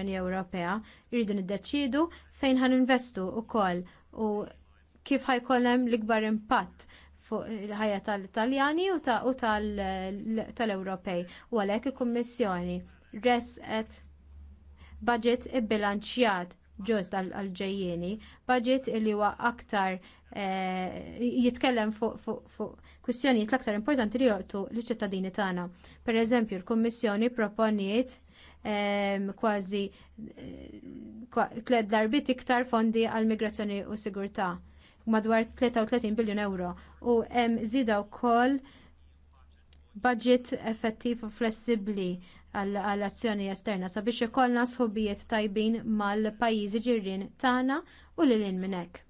l-Unjoni Ewropea irridu niddeċiedu fejn ħan investu wkoll u kif ħajkollem hemm l-ikbar impatt fuq il-ħajja tal-Italjani u tal-Ewropej. U għalhekk il-Kummissjoni resqet budget ibbilanċjat ġust għal-ġejjeni, budget li huwa aktar eh, jitkellem fuq kwistjonijiet l-aktar importanti li joqtu l-ċittadini tagħna. Pereżempju, l-Kummissjoni proponiet kważi eh, tled darbit iktar fondi għal migrazzjoni u sigurtà madwar 33 biljun euro u hemm żieda wkoll budget effettiv u flessibbli għall azzjoni esterna sabiex ikollna sħubijiet tajbin mal-pajjiżi ġirien tagħna u lil hinn minn hekk.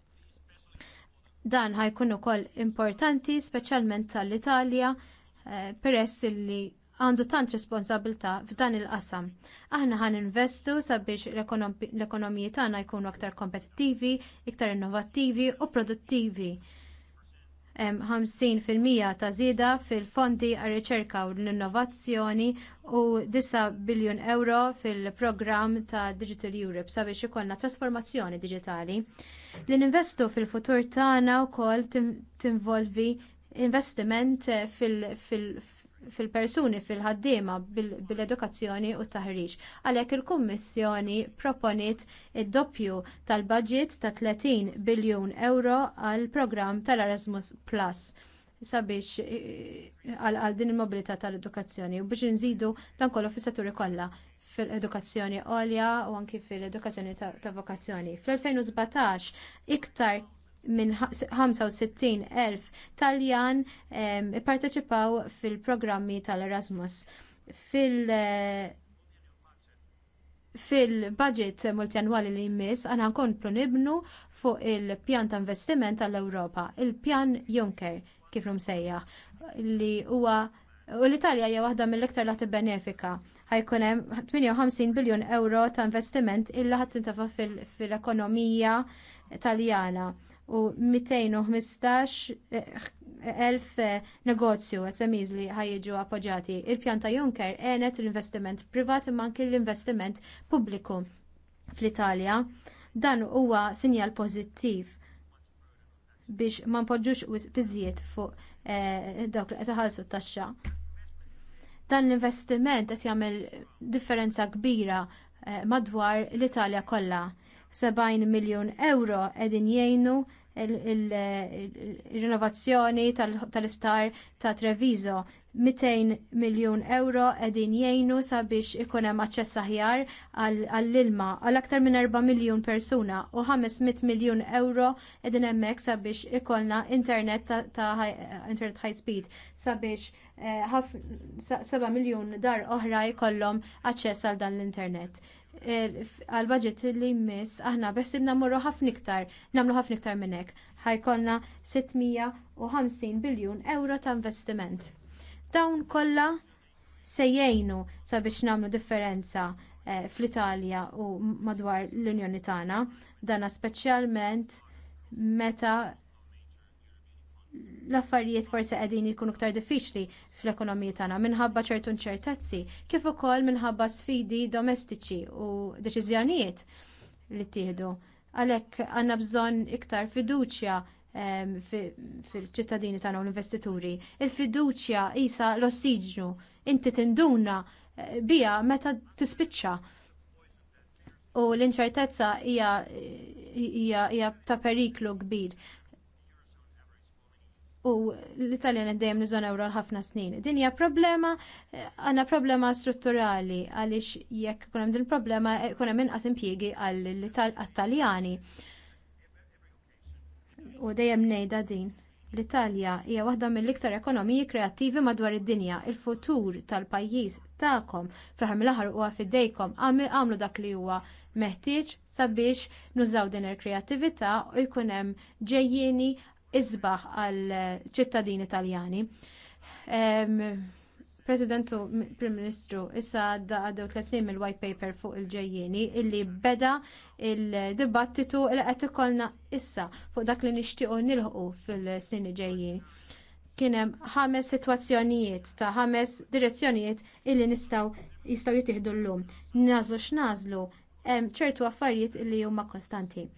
Dan ħajkun ukoll importanti speċjalment tal-Italja eh, peress li għandu tant responsabilta f'dan il-qasam. Aħna ħan investu sabiex l-ekonomiji tagħna jkunu aktar kompetittivi, iktar innovattivi u produttivi. 50% ta' żieda fil-fondi għar riċerka u l-innovazzjoni u 9 biljun euro fil-programm ta' Digital Europe sabiex ikollna trasformazzjoni diġitali. L-investu fil-futur tagħna wkoll tinvolvi investiment fil-, fil, fil fil-persuni fil-ħaddiema bil-edukazzjoni u t taħriġ. Għalhekk il-Kummissjoni proponiet id-doppju tal-budget ta' 30 biljun euro għal programm tal-Erasmus Plus sabiex għal din il-mobilità tal-edukazzjoni u biex nżidu dan kollu fis-setturi kollha fil-edukazzjoni għolja u anki fil-edukazzjoni ta' vokazzjoni. Fl-2017 iktar minn 65,000 Taljan ipparteċipaw fil-programmi tal-Erasmus. Fil- eh, fil-budget multjanwali li jmiss għana nkomplu nibnu fuq il-pjan ta' investiment tal-Ewropa, il-pjan Juncker, kif sejjaħ, li huwa u l-Italja hija waħda mill-iktar laħti benefika. Ħajkun hemm 58 biljun euro ta' investiment illa ħadd fil-ekonomija Taljana u 215,000 eh, eh, negozju SMEs li ħajġu appoġġjati. Il-pjanta Juncker għenet l-investiment privat imma anki l-investiment pubbliku fl-Italja. Dan huwa sinjal pożittiv biex ma npoġġux biżiet fuq eh, dawk li qed iħallsu t-taxxa. Dan l-investiment qed jagħmel differenza kbira madwar l-Italja kollha. 70 miljun euro qegħdin jgħinu il-rinnovazzjoni tal-isptar ta' Treviso. 200 miljun euro qegħdin jgħinu sabiex ikun hemm aċċess aħjar għall-ilma għal aktar minn 4 miljun persuna u 500 miljun euro edin emmek sabiex ikollna internet ta' internet high speed sabiex 7 eh, miljun dar oħra jkollhom aċċess għal dan l-internet għal-budget li jmiss aħna beħsib namurru ħafna iktar, namlu ħafna iktar minn hekk. Ħajkonna 650 biljun euro ta' investiment. Dawn kollha se jgħinu sabiex namlu differenza eh, fl-Italja u madwar l-Unjoni tagħna, dana speċjalment meta l-affarijiet forsi qegħdin jikunu ktar diffiċli fl-ekonomija tagħna minħabba ċertu inċertezzi, kif ukoll minħabba sfidi domestiċi u deċiżjonijiet li ttieħdu. Għalhekk għandna bżonn iktar fiduċja ehm, fil-ċittadini tagħna u l-investituri. Il-fiduċja isa l-ossiġnu, inti tinduna eh, bija meta tispiċċa. U l-inċertezza hija ta' periklu kbir u l italjan għeddejem nizon euro ħafna snin. Din hija problema, eh, għanna problema strutturali, għalix jekk kunem din problema, eh, kunem inqas impjiegi għall-Italjani. U dejjem nejda din. L-Italja hija waħda mill-iktar ekonomiji kreattivi madwar id-dinja. Il-futur tal-pajjiż tagħkom f'raħ mill-aħħar huwa fidejkom għamlu dak li huwa meħtieġ sabiex nużaw din il-kreattività u jkun hemm ġejjieni isbaħ għal ċittadini Taljani. Presidentu, Prim Ministru, issa għaddew tlet snin il-white paper fuq il-ġejjeni illi beda il-dibattitu li qed ikollna issa fuq dak li nixtiequ nilħu fil-snin ġejjin. Kien hemm ħames sitwazzjonijiet ta' ħames direzzjonijiet illi nistgħu jistgħu jittieħdu llum. Nażlu x'nażlu hemm ċertu affarijiet li huma kostanti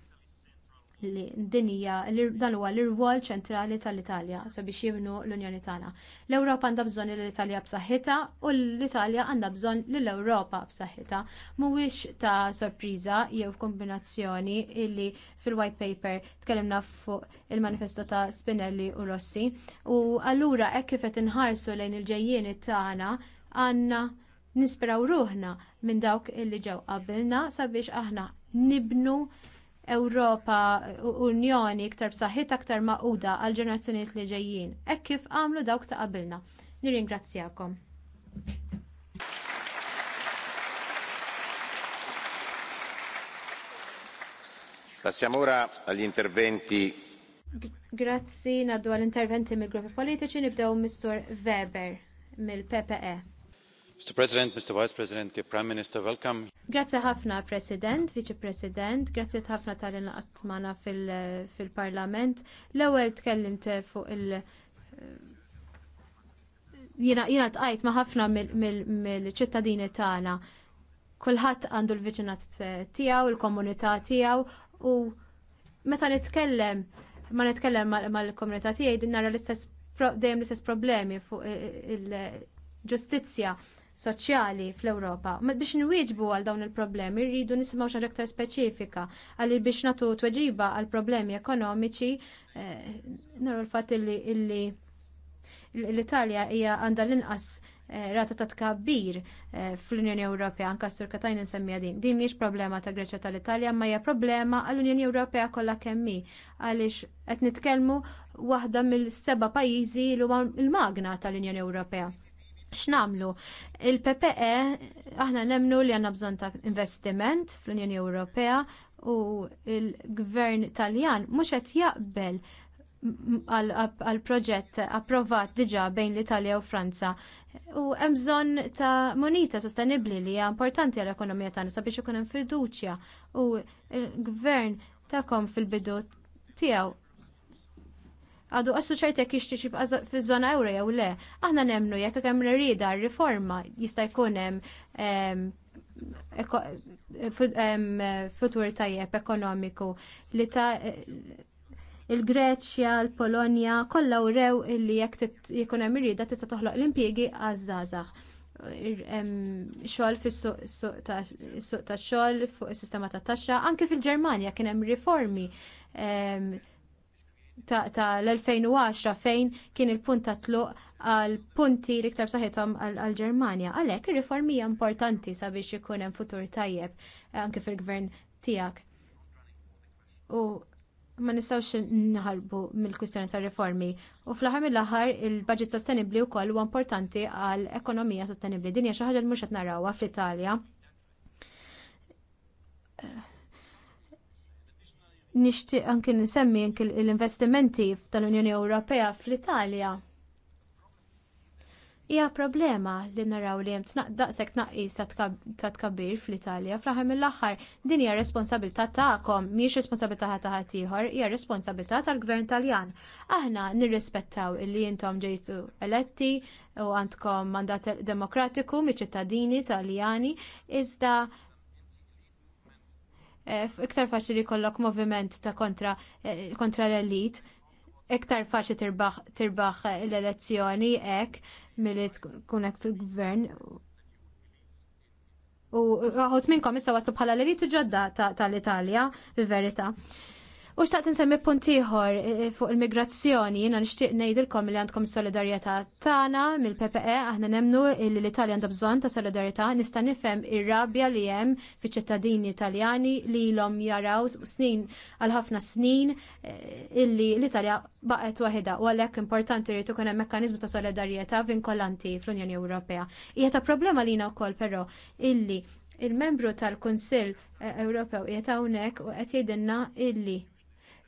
li dinija dan huwa l-irwol ċentrali tal-Italja sabiex jibnu l-Unjoni tagħna. L-Ewropa għandha bżonn l-Italja b'saħħitha u l-Italja għandha bżonn l-Ewropa b'saħħitha. Mhuwiex ta' sorpriża jew kombinazzjoni illi fil-white paper tkellimna fuq il-manifesto ta' Spinelli u Rossi u allura hekk kif qed inħarsu lejn il ġejjien tagħna għandna nisperaw ruħna minn dawk illi ġew qabilna sabiex aħna nibnu Ewropa Unjoni iktar b'saħħit aktar maquda għal ġenerazzjonijiet li ġejjin. Hekk kif għamlu dawk ta' qabilna. Nirringrazzjakom. Passiamo ora agli interventi. Grazzi, naddu għall interventi mill-gruppi politiċi, nibdew Mr. Weber mill-PPE. Mr. President, Mr. Vice President, the Prime Minister, welcome. Grazie ħafna, President, Vice President, grazie ħafna tal-inqat magħna fil-Parlament. L-ewwel tkellimt fuq il- eh, jina jina tqajt ma' ħafna mill-ċittadini tagħna. Kulħadd għandu l-viċinat tiegħu, il-komunità tiegħu u meta nitkellem ma nitkellem mal-komunità tiegħi din nara l-istess dejjem l-istess problemi fuq eh, il-ġustizzja. il ġustizzja soċjali fl-Ewropa. Biex nwieġbu għal dawn il-problemi, rridu nisimgħu xaġa aktar speċifika għal biex nagħtu tweġiba għal problemi ekonomiċi eh, naru l-fatt illi l-Italja hija għandha l-inqas eh, rata ta' tkabbir eh, fl-Unjoni Ewropea anka s-sur katajn din. Din mhijiex problema ta' Greċja tal-Italja, ma hija problema għall-Unjoni Ewropea kollha kemm hi għaliex qed nitkellmu waħda mill-seba' pajjiżi l-magna tal-Unjoni Ewropea x'namlu? Il-PPE aħna nemnu li għandna bżonn ta' investiment fl-Unjoni Ewropea u il-Gvern Taljan mhux qed jaqbel għal proġett approvat diġa bejn l-Italja u Franza. U hemm bżonn ta' monita sostenibbli li hija importanti għall ekonomija tagħna sabiex ikun hemm fiduċja u l-gvern tagħkom fil-bidu tiegħu għadu għassu ċertek jixti xibqa fil-zona ewra jew le. Aħna nemnu jekk hemm rrida riforma jista' jkun hemm futur tajjeb ekonomiku li ta' il-Greċja, l-Polonja, kollha wrew illi jekk jkun hemm irrida tista' toħloq l-impjiegi għaż-żgħażagħ xogħol fis-suq tax-xogħol fuq is-sistema tat-taxxa, anke fil-Ġermanja kien hemm riformi Ta' tal-2010 fejn kien il-punt ta' tluq għal punti liktar saħħithom għal Ġermanja. Għalhekk ir-riformi hija importanti sabiex ikun hemm futur tajjeb eh, anke fil-gvern tiegħek. U ma nistawx nħarbu mill-kwistjoni ta' riformi. U fl-aħħar mill-aħħar il-budget sostenibbli wkoll huwa importanti għal ekonomija sostenibbli. Dinja xi ħaġa li mhux qed narawha fl-Italja. Eh, nixtieq anki nsemmi anke l-investimenti tal-Unjoni Ewropea fl-Italja. Hija problema li naraw li hemm daqshekk tnaqqis ta' tkabbir fl-Italja fl-aħħar mill-aħħar din hija responsabilità tagħkom, miex responsabilità ta' ħadd ieħor, hija responsabilità tal-Gvern Taljan. Aħna nirrispettaw illi intom ġejtu eletti u għandkom mandat demokratiku miċ-ċittadini Taljani iżda Eh, iktar faċli jkollok moviment ta' kontra, eh, kontra l-elit, iktar faċli tirbaħ l-elezzjoni hekk milli tkun hekk fil-gvern. U għot minnkom issa waslu bħala l-elit u ġodda tal-Italja, fil verita. U xtaqt nsemmi puntiħor eh, eh, fuq il-migrazzjoni, jina nishtiq nejdilkom li għandkom solidarjetà tagħna mill-PPE, aħna nemnu li l-Italja għandha bżonn ta' solidarjetà, nista' nifhem ir-rabja li hemm fiċ-ċittadini Italjani li l-om jaraw snin għal ħafna snin eh, illi l-Italja baqgħet waħda u għalhekk importanti li ikun hemm mekkaniżmu ta' solidarjetà vinkolanti fl-Unjoni Ewropea. Hija ta' problema lina wkoll però illi il-membru tal-Kunsill Ewropew qiegħed hawnhekk u qed jgħidilna illi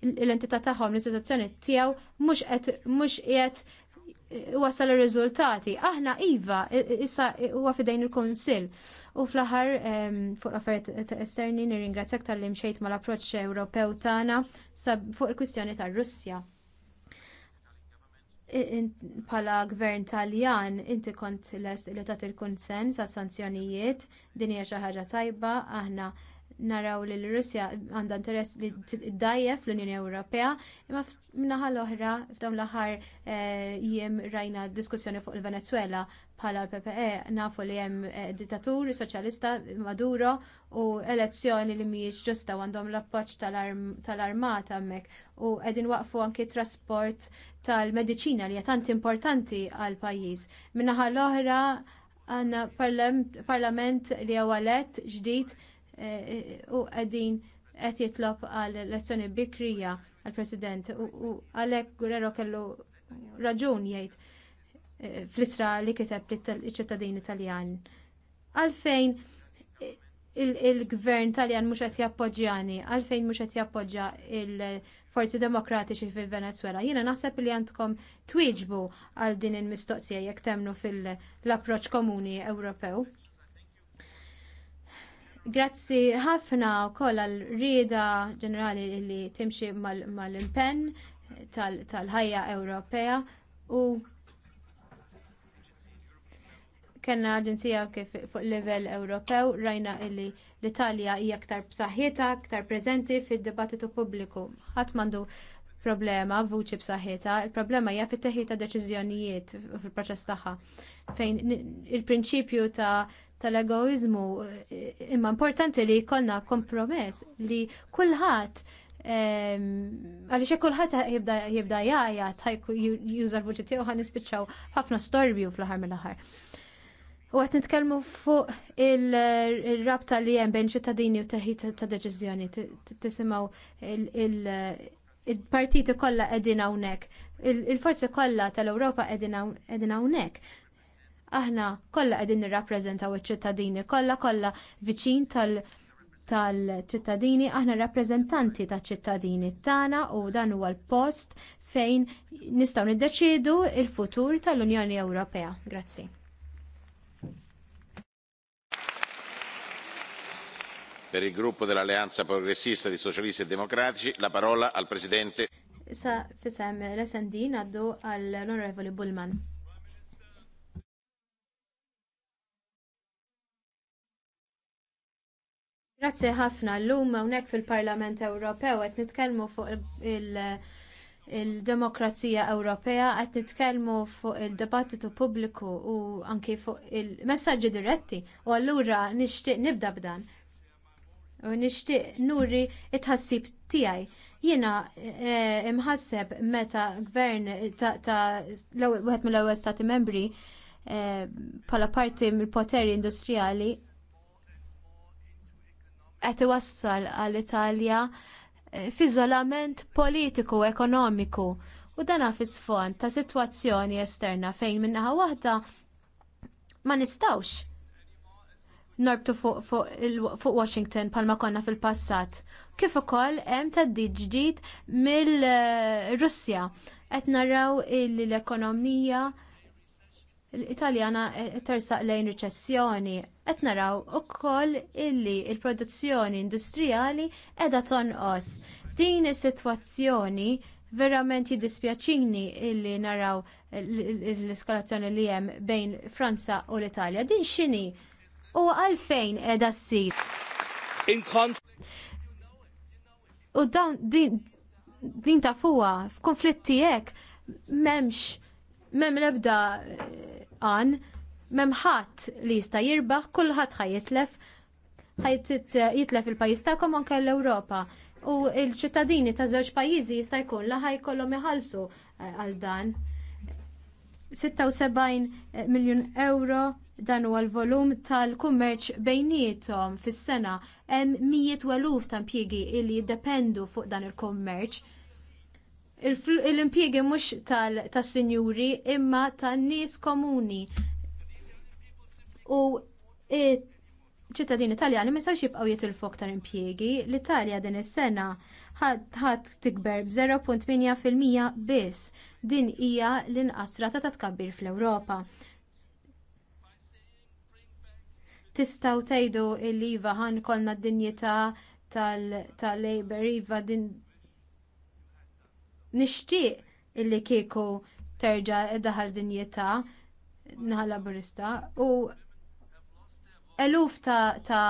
l-entità tagħhom l-istituzzjoni tiegħu mhux qed mhux qiegħed wasal ir-riżultati. Aħna iva issa huwa fidejn il-Kunsill. U fl-aħħar ehm, fuq affarijiet esterni nirringrazzjak tal-li mal-approċċ Ewropew tagħna fuq il-kwistjoni tar-Russja. Pala gvern taljan inti kont li tagħti il-kunsens għas sanzjonijiet din hija xi ħaġa tajba aħna naraw li l-Russja għandha interess li d-dajjef l-Unjoni Ewropea, imma minnaħa l-oħra f'dawn l-aħħar eh, jiem rajna diskussjoni fuq il-Venezuela bħala l-PPE nafu li hemm eh, dittatur soċjalista Maduro u elezzjoni li mhijiex ġusta għandhom l-appoġġ tal-armata mek u qegħdin waqfu anki trasport tal-mediċina li hija tant importanti għal pajjiż. Minnaħa l-oħra għandna parlament li għawalet ġdid Eh, eh, u qegħdin qed jitlob għal elezzjoni bikrija għall president u għalhekk Guerrero kellu raġun jgħid eh, fl-isra li kiteb l-ċittadini Taljan. Għalfejn il-gvern Taljan mhux qed jappoġġjani, għalfejn mhux qed jappoġġja il-Forzi Demokratiċi fil-Venezuela. Jiena naħseb li għandkom twieġbu għal din il-mistoqsija jekk temnu fil-approċċ komuni Ewropew. Grazzi ħafna wkoll għal-rieda ġenerali li timxi mal-impenn mal tal-ħajja tal Ewropea u kena aġenzija kif fuq livell Ewropew rajna illi l-Italja hija aktar bsaħħieta, aktar prezenti fid-dibattitu pubbliku. Ħadd problema vuċi b'saħħitha, il-problema hija fit-teħid ta' deċiżjonijiet fil-proċess tagħha. Fejn il-prinċipju ta' tal-egoizmu eh, imma importanti li jkollna kompromess li kulħadd ehm, għaliex kulħadd jibda jgħajat juża l-vuċi tiegħu ħan nispiċċaw ħafna storbju fl-aħħar mill-aħħar. U għat nitkelmu fuq il-rabta li jem bejn ċittadini u teħid ta' deċizjoni, tisimaw il-partiti kollha qegħdin hawnhekk, il-forzi kollha tal-Ewropa qegħdin hawnhekk. Aħna kollha qegħdin nirrappreżentaw iċ-ċittadini, kollha kollha viċin tal- tal-ċittadini, aħna rappreżentanti taċ ċittadini tagħna u dan huwa l-post fejn nistgħu niddeċiedu l futur tal-Unjoni Ewropea. Grazzi. per il gruppo dell'Alleanza Progressista di Socialisti e Democratici la parola al Presidente. Issa fisem l-SND naddu għall-Onorevoli Bullman. Grazzi ħafna l-lum hawnhekk fil-Parlament Ewropew qed nitkellmu fuq il-demokrazija Ewropea qed nitkellmu fuq il-dibattitu pubbliku u anki fuq il-messaġġi diretti u allura nixtieq nibda b'dan u nixtieq nuri t tħassib tiegħi. Jiena eh, eh, imħasseb meta gvern ta' wieħed mill-ewwel stati membri eh, bħala parti mill-poteri industrijali qed iwassal għall-Italja f'iżolament politiku ekonomiku u dana fis-fond ta' sitwazzjoni esterna fejn minnaħa waħda ma nistawx norbtu fuq Washington palma konna fil-passat. Kif ukoll hemm teddid ġdid mill-Russja qed naraw l-ekonomija l-Italjana tersaq lejn riċessjoni. Qed naraw ukoll illi l produzzjoni industrijali qiegħda tonqos. Din is-sitwazzjoni verament jiddispjaċini illi naraw l-eskalazzjoni li hemm bejn Franza u l-Italja. Din x'inhi? u għalfejn edha s-sir. U dawn din, ta' fuwa f'konflitti jek, m'hemmx m'hemm l-ebda eh, għan, m'hemm ħadd li jista' jirbaħ, kulħadd ħajitlef ħajt jitlef il-pajis ta' anke l-Ewropa u il-ċittadini ta' żewġ pajjiżi jista' jkun laħaj jkollhom iħallsu eh, għal dan. 76 eh, miljun euro Dan huwa l-volum tal-kummerċ bejnietom fis-sena hemm mijiet weluf ta' impjiegi li jiddependu fuq dan il-kummerċ. L-impjiegi mhux tas-sinjuri imma tan-nies komuni. U ċittadini Italjani ma jistgħux jibqgħu jitilfu aktar impjiegi. L-Italja din is-sena ħadd tikber b'0.8% biss. Din hija l-inqas rata ta' tkabbir fl-Ewropa tistaw tgħidu li iva ħan kolna d-dinjità tal-Labor iva din nixtieq illi kieku terġa daħal dinjità naħal laburista u eluf ta', ta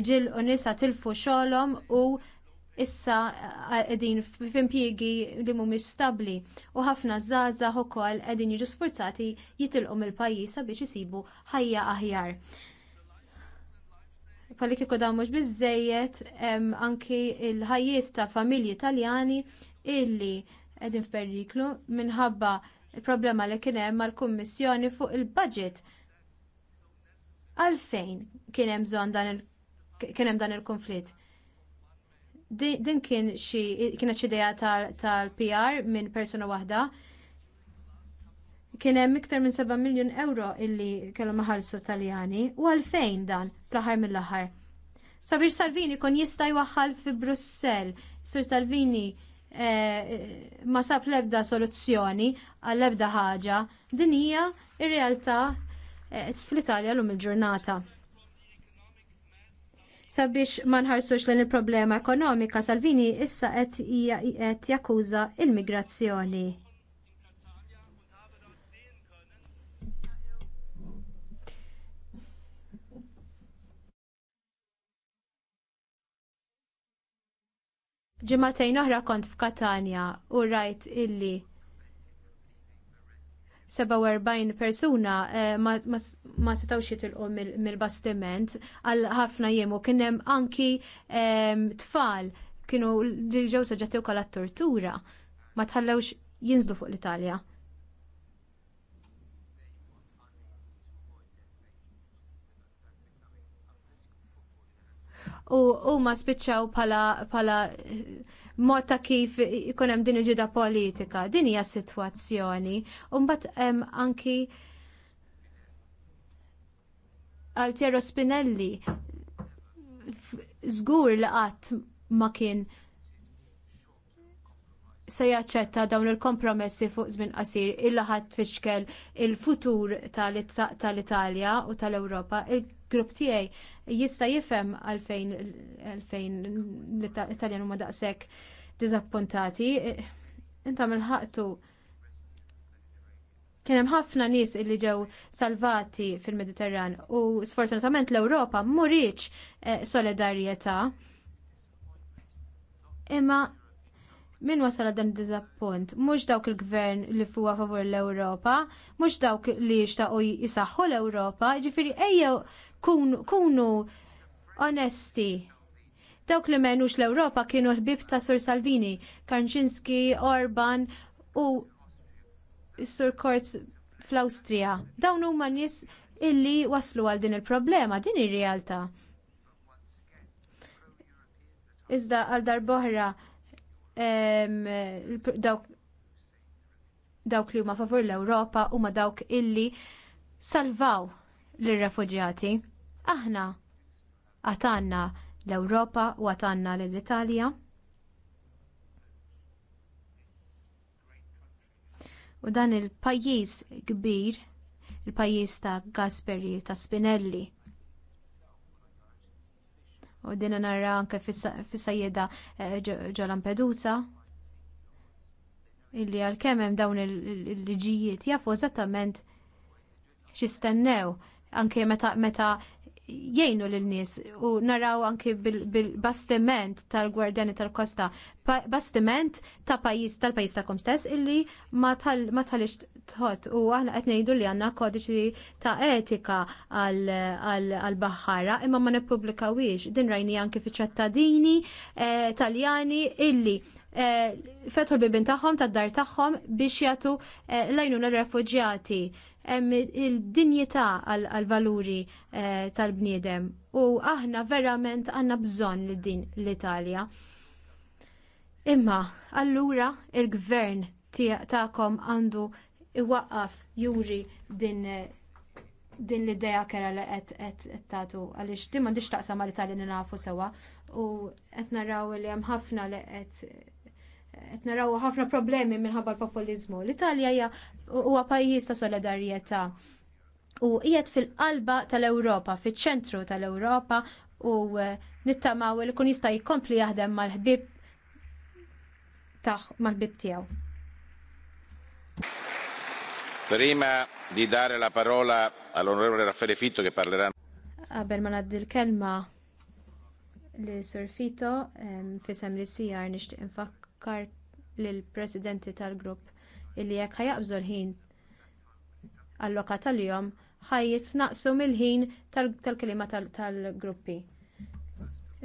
u nisa tilfu xolom u issa qegħdin f'impjiegi li mhumiex stabbli u ħafna żgħażagħ ukoll qegħdin jiġu sforzati jitilqu mill-pajjiż sabiex isibu ħajja aħjar pali kiko da mux bizzejiet anki il-ħajiet ta' familji italjani illi edin f'periklu minħabba il-problema li kienem mal-Kummissjoni fuq il-budget. Għalfejn kienem bżon dan il-kienem dan il-konflitt? Din kien xi kienet xi idea tal-PR minn persuna waħda kien hemm iktar minn 7 miljun euro illi kellhom ħarsu Taljani u għalfejn dan fl-aħħar mill-aħħar. Sabir Salvini kon jista' jwaħħal fi Brussell. Sir Salvini eh, ma sab l-ebda soluzzjoni għall-ebda ħaġa. Din hija ir-realtà eh, fl-Italja lum il-ġurnata sabiex ma nħarsux lejn il-problema ekonomika, Salvini issa qed jakkuża l migrazzjoni Ġimatejn oħra kont f'Katania u rajt illi 47 persuna eh, ma, setgħux jitilqu mill-bastiment għal ħafna jiem u kien hemm anki ehm, tfal kienu ġew soġġetti wkoll għat-tortura ma tħallewx jinżlu fuq l-Italja. u huma spiċċaw pala, pala mod ta' kif ikun hemm din il-ġida politika. Din hija sitwazzjoni. U mbagħad hemm anki Altiero Spinelli żgur li qatt ma kien se jaċċetta dawn il-kompromessi fuq żmien qasir illa ħadd fixkel il-futur tal-Italja u tal-Ewropa. il grupp tiegħi jista' jifhem għalfejn għalfejn l-Italjan huma daqshekk diżappuntati. Inta mill-ħaqtu kien hemm ħafna nies illi ġew salvati fil-Mediterran u sfortunatament l-Ewropa muriċ eh, solidarjetà. Imma min wasal dan diżappunt, mhux dawk il-gvern li fuwa favur l-Ewropa, mhux dawk li jixtaqu jisaħħu l-Ewropa, ġifieri ejjew Kunu onesti. Dawk li menux l-Ewropa kienu l-bib ta' Sur Salvini, Karczynski, Orban u Sur Kortz fl-Awstrija. Dawn huma nies illi waslu għal din il-problema, din ir-realtà. Iżda għal darboħra dawk dawk li huma favur l-Ewropa huma dawk illi salvaw lir refuġjati Aħna għatanna l-Ewropa u għatanna l-Italja. U dan il-pajjiż kbir, il-pajjiż ta' Gasperi ta' Spinelli. U dinna narra anke fis-sajjeda ġo eh, Lampedusa illi għalkemm hemm dawn il-liġijiet jafu eżattament xistennew anke meta meta jgħinu l-nies u naraw anki bil-bastiment tal-gwardjani tal-kosta, bastiment ta' pajis tal-pajis ta' stess illi ma talix tħot u għahna għetni jidu li għanna kodiċi ta' etika għal-bahara imma ma nepublikawiex din rajni anki fi ċattadini eh, taljani illi eh, fetħu l-bibin taħħom, tad dar taħħom biex jatu eh, lajnuna l-refugġjati il-dinjità għal-valuri eh, tal-bniedem u aħna verament għanna bżon l din l-Italja. Imma, allura il-gvern ta'kom għandu iwaqqaf juri din din l-ideja kera li qed tagħtu għaliex din m'għandix taqsam għal-Italja nafu sewa u qed naraw li hemm ħafna li qed qed ħafna problemi minħabba l-populizmu. L-Italja hija huwa pajjiż ta' solidarjetà u qiegħed fil-qalba tal-Ewropa, fiċ-ċentru tal-Ewropa u eh, nittamaw li kun jista' jkompli jaħdem mal-ħbib mal-ħbib tiegħu. Prima di dare la parola all'onorevole Raffaele Fitto che parlerà. Qabel ma ngħaddi l-kelma li Sir Fitto, fisem li sijar nixtieq infak nfakkar lill-presidenti tal-grupp illi jekk ħajaqbżu l-ħin allokat tal-jom ħajjit naqsu mill-ħin tal-kelima tal-gruppi.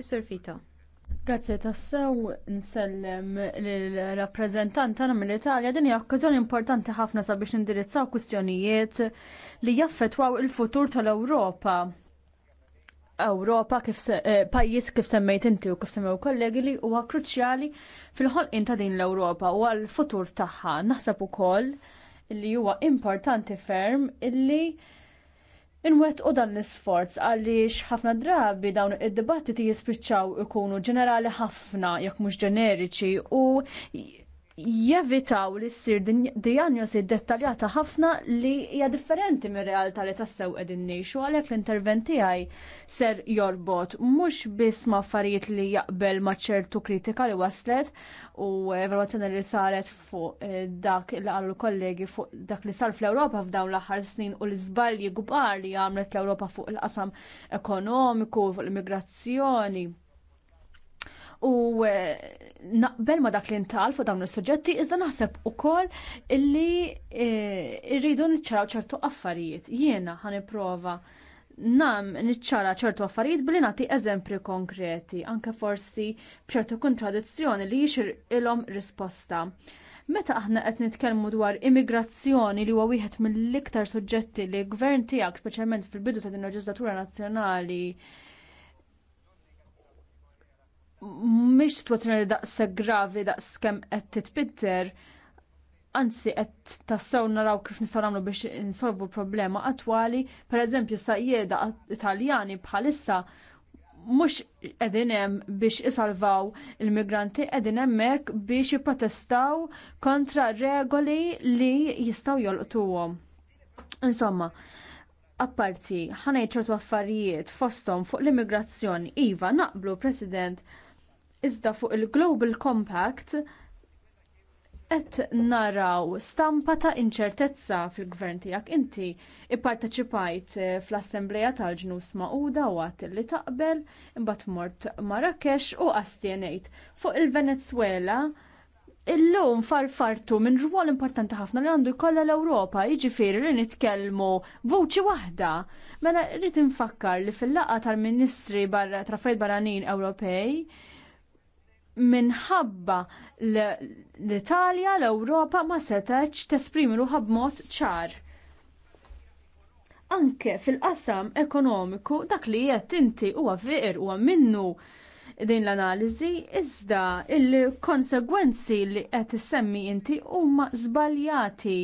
Is-Sur Fito. Grazie tassew nsellem l-rappresentant tagħna mill-Italja din hija okkażjoni importanti ħafna sabiex indirizzaw kwistjonijiet li jaffettwaw il-futur tal-Ewropa Ewropa kif eh, pajjiż kif semmejt inti u kif semmew kollegi li huwa kruċjali fil-ħolqien ta' din l-Ewropa u għall-futur tagħha. Naħseb ukoll li huwa importanti ferm illi inwet u dan l-isforz għaliex ħafna drabi dawn id-dibattiti jispiċċaw ikunu ġenerali ħafna jekk mhux ġeneriċi u jevitaw li ssir diagnosi dettaljata ħafna li hija differenti mir realtà li tassew qegħdin ngħixu għalhekk l-intervent tiegħi ser jorbot mhux biss ma' affarijiet li jaqbel ma' ċertu kritika li waslet u evalwazzjoni li saret fuq eh, dak li qalu kollegi fuq dak li sar fl-Ewropa f'dawn l-aħħar snin u l-iżbalji kbar li għamlet l-Ewropa fuq il-qasam ekonomiku, fuq l-immigrazzjoni u eh, naqbel ma dak li ntal fuq dawn is-suġġetti iżda naħseb ukoll illi eh, rridu niċċaraw ċertu affarijiet. Jiena ħaniprova nam niċċara ċertu affarijiet billi nagħti eżempji konkreti, anke forsi b'ċertu kontradizzjoni li jixir ilhom risposta. Meta aħna qed nitkellmu dwar immigrazzjoni li huwa wieħed mill-iktar suġġetti li l-gvern tiegħek speċjalment fil-bidu ta' din leġislatura nazzjonali mhix li daqshekk gravi daqskemm qed titbitter, anzi qed tassew naraw kif nistgħu nagħmlu biex insolvu problema attwali, pereżempju jieda Italjani bħalissa mhux qegħdin hemm biex isalvaw il-migranti qegħdin hemmhekk biex jipprotestaw kontra regoli li jistgħu jolqtuhom. Insomma, apparti ħanejt ċertu affarijiet fosthom fuq l-immigrazzjoni iva naqblu President Iżda fuq il-Global Compact qed naraw stampa ta' inċertezza fil-gvern tiegħek. Inti ipparteċipajt fl-assembleja tal-ġnus Magħquda u għat li taqbel, imbagħad mort Marrakesh u astjenejt. Fuq il-Venezuela illum farfartu minn rwol importanti ħafna li għandu jkollha l-Ewropa, jiġifieri li nitkellmu vuċi waħda. Mela rrid infakkar li fil-laqgħa tal-Ministri bar Trafajt Barranin Ewropej minħabba l-Italja, l-Ewropa ma setax tesprimi ruħa b'mod ċar. Anke fil-qasam ekonomiku dak li qed inti huwa veqir huwa minnu din l-analiżi iżda il-konsegwenzi li qed issemmi inti huma żbaljati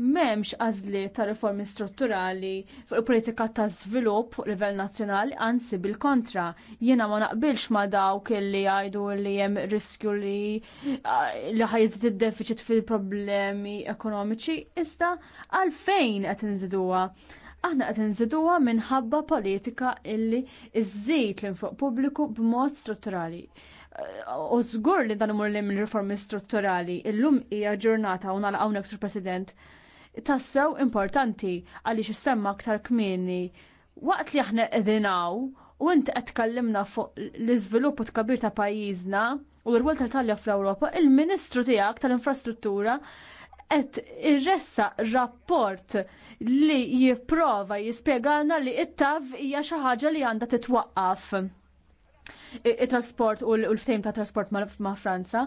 M'hemmx għażliet ta' riformi strutturali fuq il-politika ta' żvilupp fuq livell nazzjonali, anzi bil-kontra, jiena ma naqbilx ma' dawk li jgħidu li hemm riskju li li ħajżid id-deficit fil-problemi ekonomiċi, iżda għalfejn qed inżiduha. Aħna qed inżiduha minħabba politika illi iżżid l-infuq pubbliku b'mod strutturali u zgur li dan imur li minn riformi strutturali, illum hija ġurnata u nagħlaq hawnhekk sur President tassew importanti għaliex semma aktar kmieni. Waqt li aħna edinaw u int qed tkellimna fuq l-iżvilupp u tkabir ta' pajjiżna u l-rwol tal-Italja fl-Ewropa, il-Ministru tiegħek tal-Infrastruttura qed irressa rapport li jipprova jispjegalna li it-tav hija xi ħaġa li għandha titwaqqaf it-trasport u l-ftejm ta' trasport ma' Franza,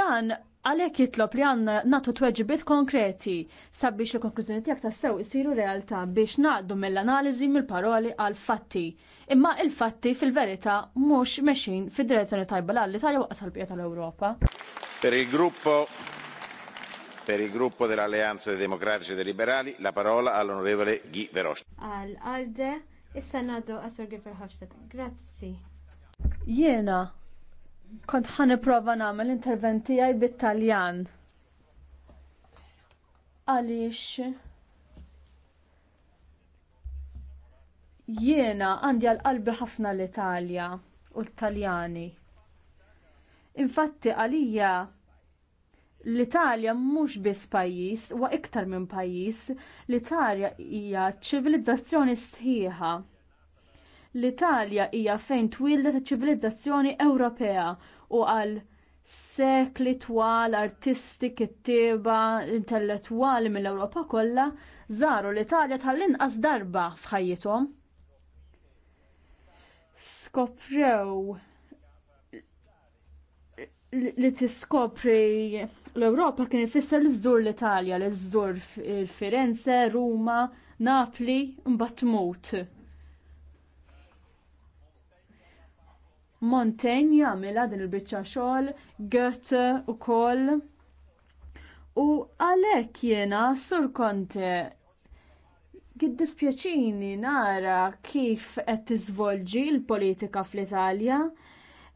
dan għalhekk jitlob li għandna nagħtu tweġibiet konkreti sabiex il-konklużjoni tiegħek tas-sew isiru realtà biex naqdu mill-analiżi mill-paroli għal fatti. Imma il-fatti fil-verità mhux mexin fid-direzzjoni tajba għall-Italja waqas bija tal-Ewropa. Per il gruppo per il gruppo dell'Alleanza dei Democratici e dei Liberali la parola all'onorevole Guy Verhofstadt. Al Alde, il e nado a Sir Guy Verhofstadt. Grazzi. Jena, Kont ħan prova namel interventi għaj bit-Taljan. Għalix jiena għandi għal-qalbi ħafna l-Italja u l-Taljani. Infatti għalija l-Italja mhux biss pajjiż, huwa iktar minn pajjiż, l-Italja hija ċivilizzazzjoni sħiħa. L-Italja hija fejn twilda iċ-ċivilizzazzjoni Ewropea u għal sekli twal artisti, kittieba, intellettwali mill-Ewropa kollha żaru l-Italja tal-inqas darba f'ħajjithom. Skoprew li tiskopri l ewropa kien ifisser li żżur l-Italja, li żżur Firenze, Ruma, Napli, mbagħad tmut. Montaigne jagħmilha din il-biċċa xogħol, Goethe ukoll. U għalhekk jiena Sur Conte giddispjaċini nara kif qed tiżvolġi l-politika fl-Italja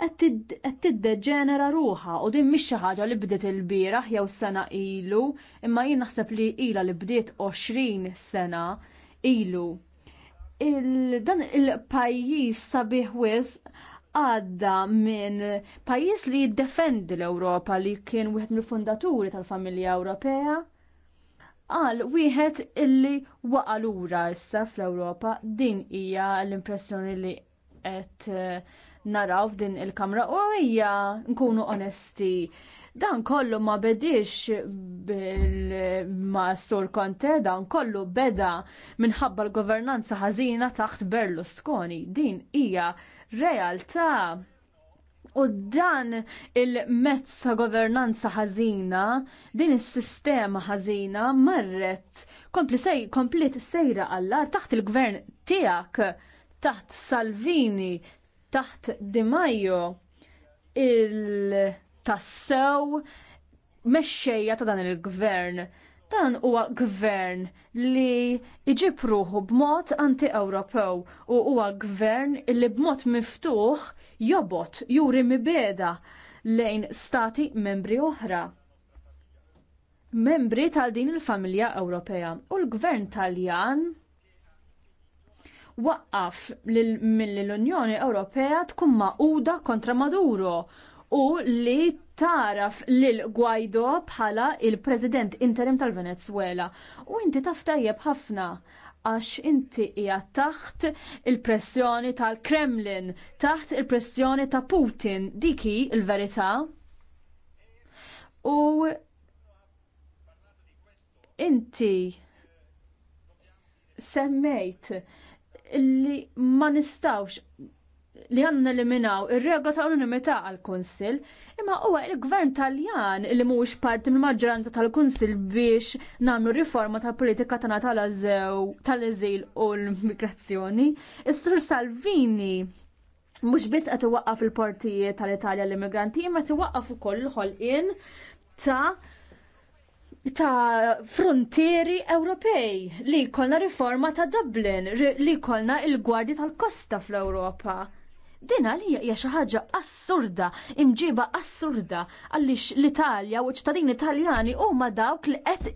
qed tiddeġenera ruha u din mhix xi ħaġa li bdiet il-bieraħ jew sena ilu, imma jien naħseb li ilha li bdiet 20 sena ilu. Il dan il-pajjiż sabiħ wisq għadda minn pajjiż li jiddefendi l-Ewropa li kien wieħed mill-fundaturi tal-familja Ewropea għal wieħed illi waqa' lura issa fl-Ewropa din hija l-impressjoni li qed eh, naraw f'din il-kamra u hija nkunu onesti dan kollu ma bedix ma sur konte, dan kollu beda minħabba l-governanza ħażina taħt Berlusconi. Din hija realtà. U dan il-mezz ta' governanza ħażina, din is-sistema ħażina marret kompli sej, komplit sejra għallar taħt il-gvern tiegħek, taħt Salvini, taħt Di Maio, il-tassew mexxejja ta' dan il-gvern Dan huwa gvern li iġib ruħu b'mod anti-Ewropew u huwa gvern li b'mod miftuħ jobot juri mibeda lejn stati membri oħra. Membri tal din il-familja Ewropea u l-gvern Taljan waqqaf mill-Unjoni Ewropea tkun maquda kontra Maduro u li taraf lil Guaido bħala il-President interim tal-Venezuela u inti taf tajjeb ħafna għax inti hija taħt il-pressjoni tal-Kremlin, taħt il-pressjoni ta' Putin, diki il-verità. U inti semmejt li ma nistawx li għanna neliminaw ir regla ta' unanimità għal kunsill imma huwa il-gvern taljan li mhuwiex parti mill-maġġoranza tal-kunsill biex nagħmlu riforma tal-politika tagħna tal-eżil u l-migrazzjoni. Is-Sur Salvini mhux biss qed iwaqqaf il-portijiet tal-Italja l-immigranti imma qed iwaqqaf ukoll ħolqien ta' ta' frontieri Ewropej li jkollna riforma ta' Dublin, li jkollna il gwardi tal-kosta fl-Ewropa Din għalija hija xi ħaġa assurda, imġiba assurda għaliex l-Italja u ċittadini Italjani huma dawk li qed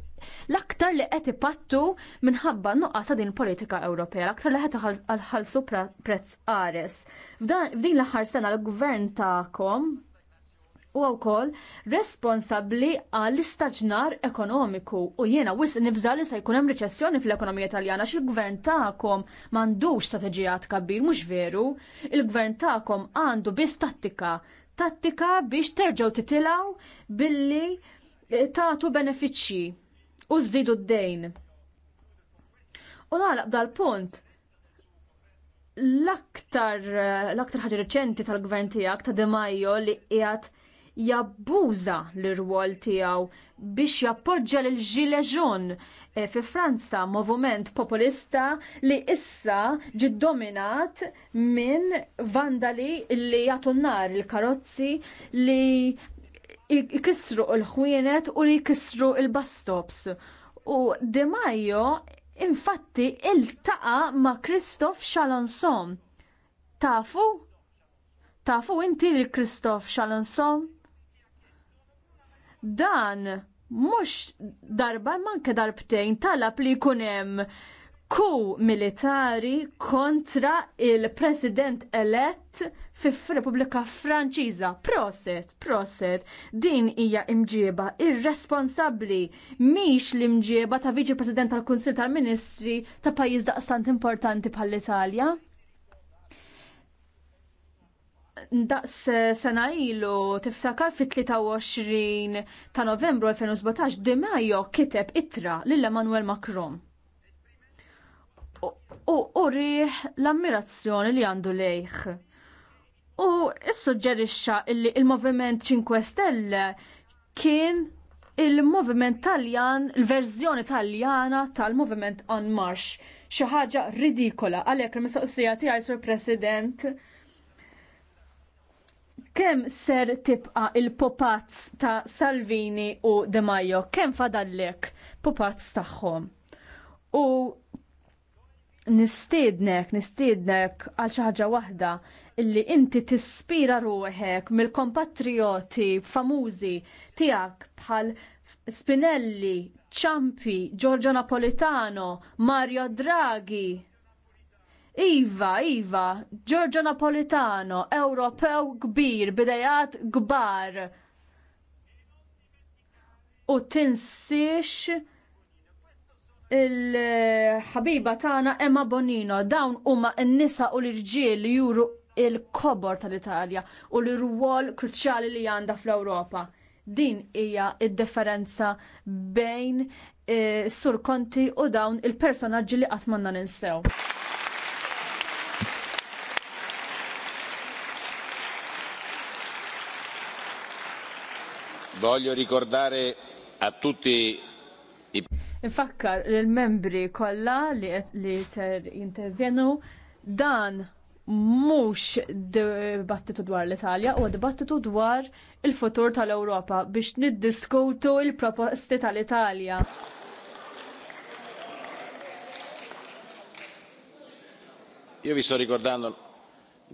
l-aktar li qed ipattu minħabba nuqqas din politika Ewropea, l-aktar li qed ħalsu prezz qares. F'din l-aħħar sena l-gvern tagħkom u wkoll responsabbli għall istaġnar ekonomiku u jiena wis nibża li se jkun hemm riċessjoni fl-ekonomija Taljana x'il-gvern tagħkom m'għandux strateġija tkabbir mhux veru, il-gvern tagħkom għandu biss tattika, tattika biex terġgħu titilgħu billi eh, tagħtu benefiċċji u żidu d-dejn. U nagħlaq dal-punt l-aktar eh, l-aktar ħaġa reċenti tal-gvern tiegħek ta' De li qiegħed jabbuża l-irwol tiegħu biex jappoġġa lil ġileġon eh, fi Franza movement populista li issa ġi dominat minn vandali li jagħtu nar il-karozzi li jkissru l-ħwienet u li jkissru l-bastops. U De Majo infatti iltaqa ma' Christophe Chalonson Tafu? Tafu inti il christophe Chalonson? Dan mhux darba manke darbtejn talab li jkun hemm ku militari kontra il-president elett fi Repubblika Franċiża. Proset, proset, din hija imġieba irresponsabbli miex l-imġieba ta' viċi president tal-Kunsil tal-Ministri ta' pajjiż daqstant importanti bħall-Italja. Daqs eh, sena ilu tiftakar fit-23 ta' novembru 2017 Di kiteb itra lill Emmanuel Macron. U urriħ l-ammirazzjoni li għandu lejh. U issuġġerixxa li il-Moviment 5 Stelle kien il-Moviment Taljan, il-verżjoni Taljana tal-Moviment on Marsh. Xi ħaġa ridikola għalhekk l mistoqsija tiegħi sur President Kem ser tibqa il-popazz ta' Salvini u De Maio? Kem fadallek popazz tagħhom? U nistiednek, nistiednek għal xi ħaġa waħda illi inti tispira ruħek mill-kompatrioti famużi tiegħek bħal Spinelli, Ciampi, Giorgio Napolitano, Mario Draghi, Iva, Iva, Giorgio Napolitano, Ewropew kbir, bidejat kbar. U tinsiex il-ħabiba tagħna Emma Bonino, dawn huma n-nisa u l-irġiel li juru il-kobor tal-Italja u l irwol kruċjali li għandha fl-Ewropa. Din hija id-differenza bejn e, Sur Konti u dawn il-personaġġi li qatt ninsew. Voglio ricordare a tutti i... Infakkar l-membri kollha li, li ser jintervjenu dan mux dibattitu dwar l-Italja u dibattitu dwar il-futur tal europa biex niddiskutu il proposti tal-Italja. Io vi sto ricordando, il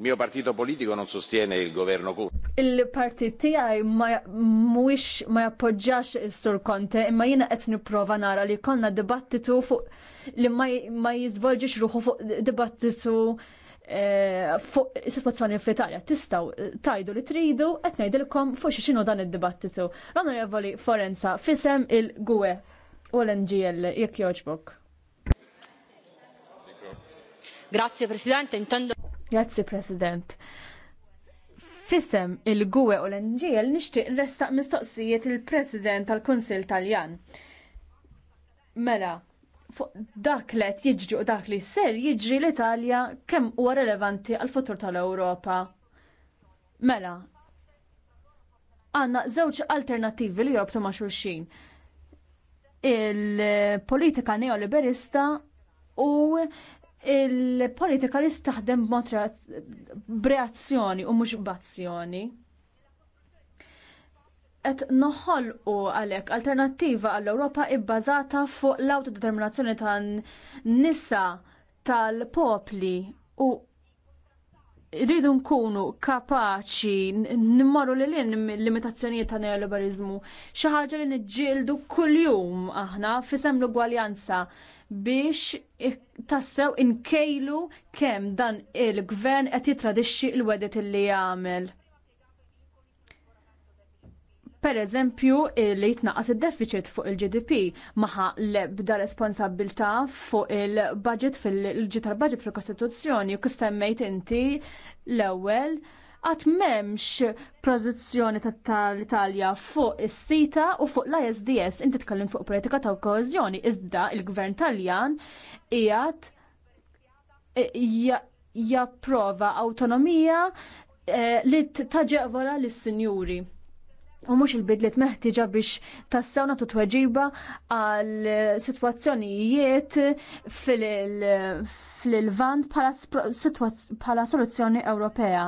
mio partito politico non sostiene il governo Conte il-partit tiegħi mhuwiex ma jappoġġax is-Sur Conte imma jiena qed nipprova nara li konna dibattitu fuq li ma jiżvolġix ruħu fuq dibattitu eh, fuq is-sitwazzjoni fl-Italja. Tistgħu tajdu li tridu qed ngħidilkom fuq xi xinu dan id-dibattitu. L-Onorevoli Forenza fisem il-GUE u l-NGL jekk jogħġbok. Grazie Presidente, intendo Grazie President fissem il-gwe u l-NGL nixtieq nrestaq mistoqsijiet il-President tal-Kunsil Taljan. Mela, fuq dak li qed jiġri u dak li ser jiġri l-Italja kemm huwa relevanti għal futur tal-Ewropa. Mela, għandna żewġ alternattivi li jorbtu ma' xulxin. Il-politika neoliberista u il-politika li staħdem reazzjoni u mhux b'azzjoni. Et noħolqu għalek alternattiva għall-Ewropa ibbażata fuq l-autodeterminazzjoni tan nisa tal-popli u rridu nkunu kapaċi nimmarru li lin limitazzjonijiet ta' neoliberizmu xi ħaġa li niġġieldu kuljum aħna fisem l-ugwaljanza biex tassew inkejlu kemm dan il-gvern qed jitradixxi l-wedet li jagħmel. Per eżempju, li jitnaqas id-deficit fuq il-GDP maħa l-ebda responsabilta fuq il-budget fil-ġitar budget fil-Kostituzzjoni u kif semmejt inti l-ewwel għat memx pozizjoni tal-Italja fuq is-sita u fuq l-ISDS. Inti tkellim fuq politika ta' kohezjoni iżda il-gvern Taljan qiegħed e, japprova autonomija e, li taġevola lis-sinjuri u mhux il bidlet meħtieġa biex tassew nagħtu tweġiba għal sitwazzjonijiet fil-vant bħala soluzzjoni Ewropea.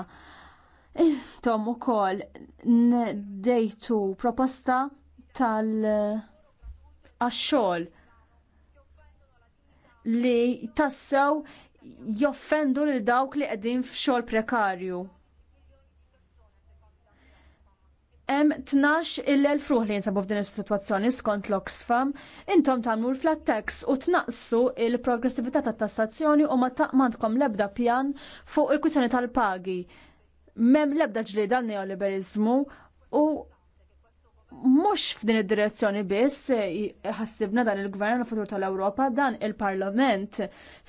Intom ukoll dejtu proposta tal għaxxol li tassew joffendu lil dawk li qegħdin f'xogħol prekarju. Hemm tnax il l fruħ li jinsabu f'din is-sitwazzjoni skont l-Oxfam, intom tagħmlu flat-tax u tnaqsu il-progressività tat-tassazzjoni u ma taqmandkom l-ebda pjan fuq il-kwistjoni tal-pagi mem lebda ġlid l-neoliberizmu u mhux f'din id-direzzjoni biss ħassibna dan il-Gvern u futur tal-Ewropa dan il-Parlament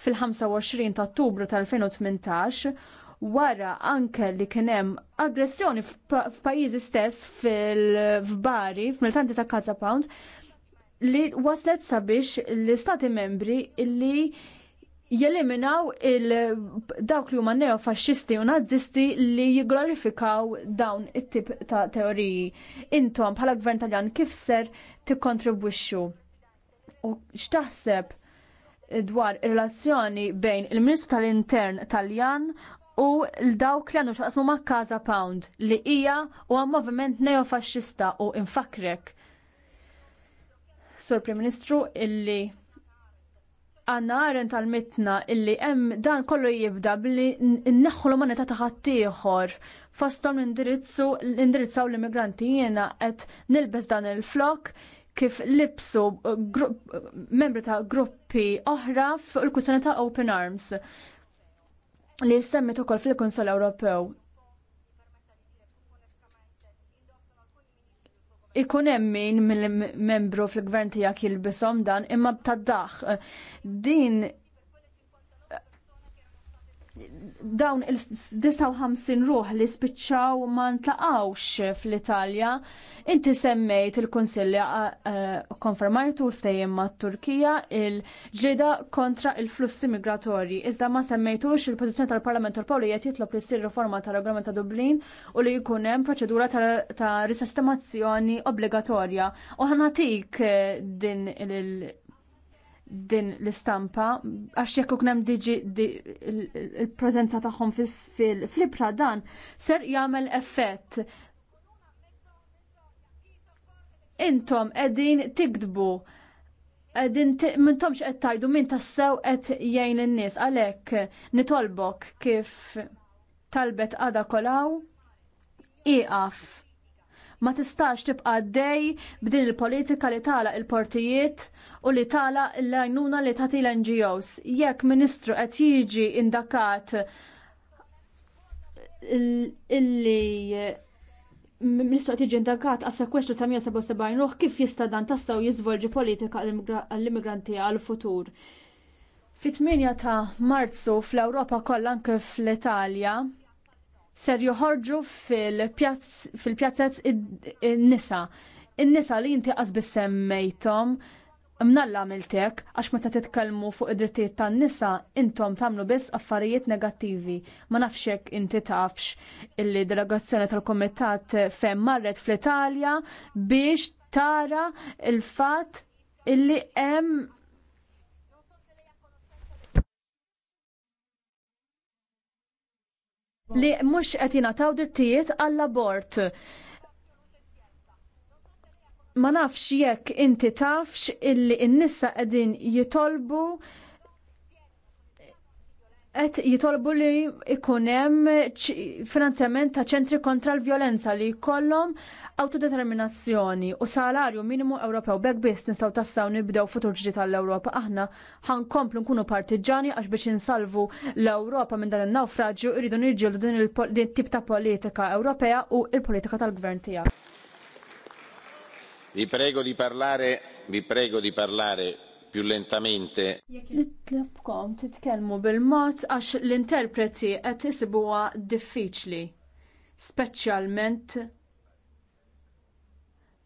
fil-25 ta' Ottubru tal-2018 wara anke li kien hemm aggressjoni f'pajjiżi stess fil-fbari f'miltanti ta' Casa Pound li waslet sabiex l istati membri li jeliminaw il-dawk li huma neofaxxisti u nazzisti li jigglorifikaw dawn it-tip ta' teoriji. Intom bħala gvern taljan kif ser tikkontribwixxu u x'taħseb dwar ir-relazzjoni bejn il-Ministru tal-Intern Taljan u l-dawk li għandu xaqsmu ma' Kaza Pound li hija u għam moviment neofaxxista u infakrek. Sur Prim Ministru illi għanna għaren tal-mitna illi hemm dan kollu jibda billi n-neħħu ta' umanità taħattijħor. Fastom indirizzu indirizzaw l-immigranti jena għet nilbes dan il-flok kif libsu membri ta' gruppi oħra fil-kustjoni ta' Open Arms li semmet ukoll fil konsol Ewropew. ikun hemm min mill-membru fil-gvern tiegħek jilbishom dan imma tad-daħ. Din dawn il-59 ruħ li spiċċaw ma ntlaqawx fl-Italja, inti semmejt il-Konsilja konfermajtu ftejjem ma' Turkija il-ġlida kontra il-flussi migratorji. Iżda ma semmejtux il-pozizjoni tal-Parlament Europew li qed jitlob li ssir riforma tar-regolament ta' Dublin u li jkun hemm proċedura ta' risistemazzjoni obbligatorja. U ħanatik eh, din il- din l-istampa għax jekk uknem diġi il-prezenza tagħhom fil-flibra dan ser jagħmel effett. Intom qegħdin tikdbu Din mintomx qed tajdu min tassew qed jgħin in-nies għalhekk nitolbok kif talbet għada kolaw iqaf. Ma tistax tibqa' dej b'din il-politika li tagħlaq il-portijiet u li tala l-għajnuna li tagħti l-NGOs. Jekk ministru qed jiġi indakat illi Ministru qed jiġi indakat għas sekwestru ta' 177 ruħ kif jista' dan tassaw jizvolġi politika għall-immigranti għall-futur. Fit-8 ta' Marzu fl-Ewropa kollha anke fl-Italja ser joħorġu fil-pjazzett fil pjazzet fil in In-nisa li inti qasbis semmejthom Mnalla għamiltek, għax meta titkellmu fuq id-drittijiet tan-nisa, intom tagħmlu biss affarijiet negattivi. Ma nafxek inti tafx illi delegazzjoni tal-Komitat fejn marret fl-Italja biex tara il-fatt illi hemm li mhux qed jingħataw drittijiet għall-abort ma nafx jekk inti tafx illi n-nissa qegħdin jitolbu qed jitolbu li ikun hemm finanzjament ta' ċentri kontra l-vjolenza li jkollhom autodeterminazzjoni u salarju minimu Ewropew bekk biss nistgħu tassaw nibdew futur ġdid tal-Ewropa aħna ħankomplu nkunu partiġani għax biex insalvu l-Ewropa minn dan il nawfraġġju irridu nirġieldu din il-tip ta' politika Ewropea u l politika tal-gvern tiegħek. Vi prego di parlare, vi prego di parlare più lentamente. Nitlobkom titkellmu bil-mod għax l-interpreti qed isibuha diffiċli, speċjalment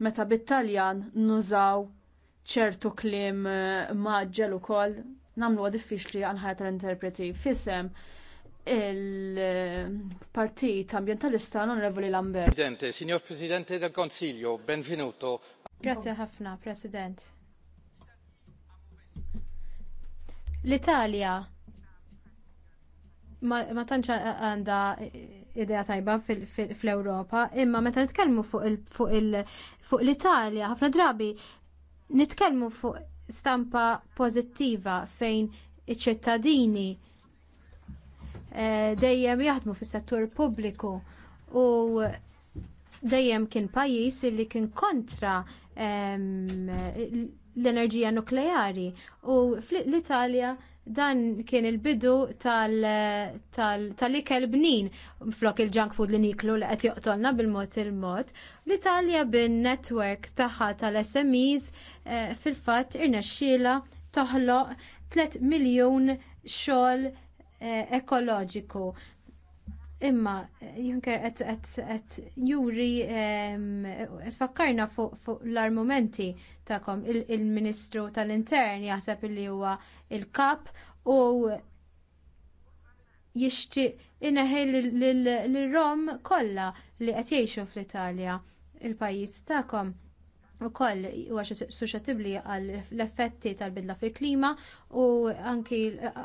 meta bit-Taljan nużaw ċertu kliem eh, maġġel ukoll nagħmluha diffiċli għal ħajja tal-interpreti. Fisem il-Partit Ambientalista l-Onorevoli Lambert. Presidente, Signor Presidente del Consiglio, benvenuto. Grazie ħafna, President. L-Italja ma, ma tantx għandha idea tajba fl-Ewropa, imma meta nitkellmu fuq l-Italja, ħafna drabi nitkellmu fuq stampa pożittiva fejn iċ-ċittadini eh, dejjem jaħdmu fis-settur pubbliku u dejjem kien pajis li kien kontra l-enerġija nukleari u l-Italja dan kien il-bidu tal-ikel bnin flok il-junk food li niklu li qed joqtolna bil-mod il-mod. L-Italja bin netwerk tagħha tal-SMEs eh, fil-fatt irnexxiela toħloq 3 miljun xogħol eh, ekoloġiku Imma Juncker qed juri qed fakkarna fuq l-armumenti tagħkom il-Ministru tal-Intern jaħseb li huwa il-kap u jixtieq inaħel lil rom kollha li qed jgħixu fl-Italja il-pajjiż tagħkom u koll huwa suscettibbli għal l-effetti tal-bidla fil-klima u anki eh,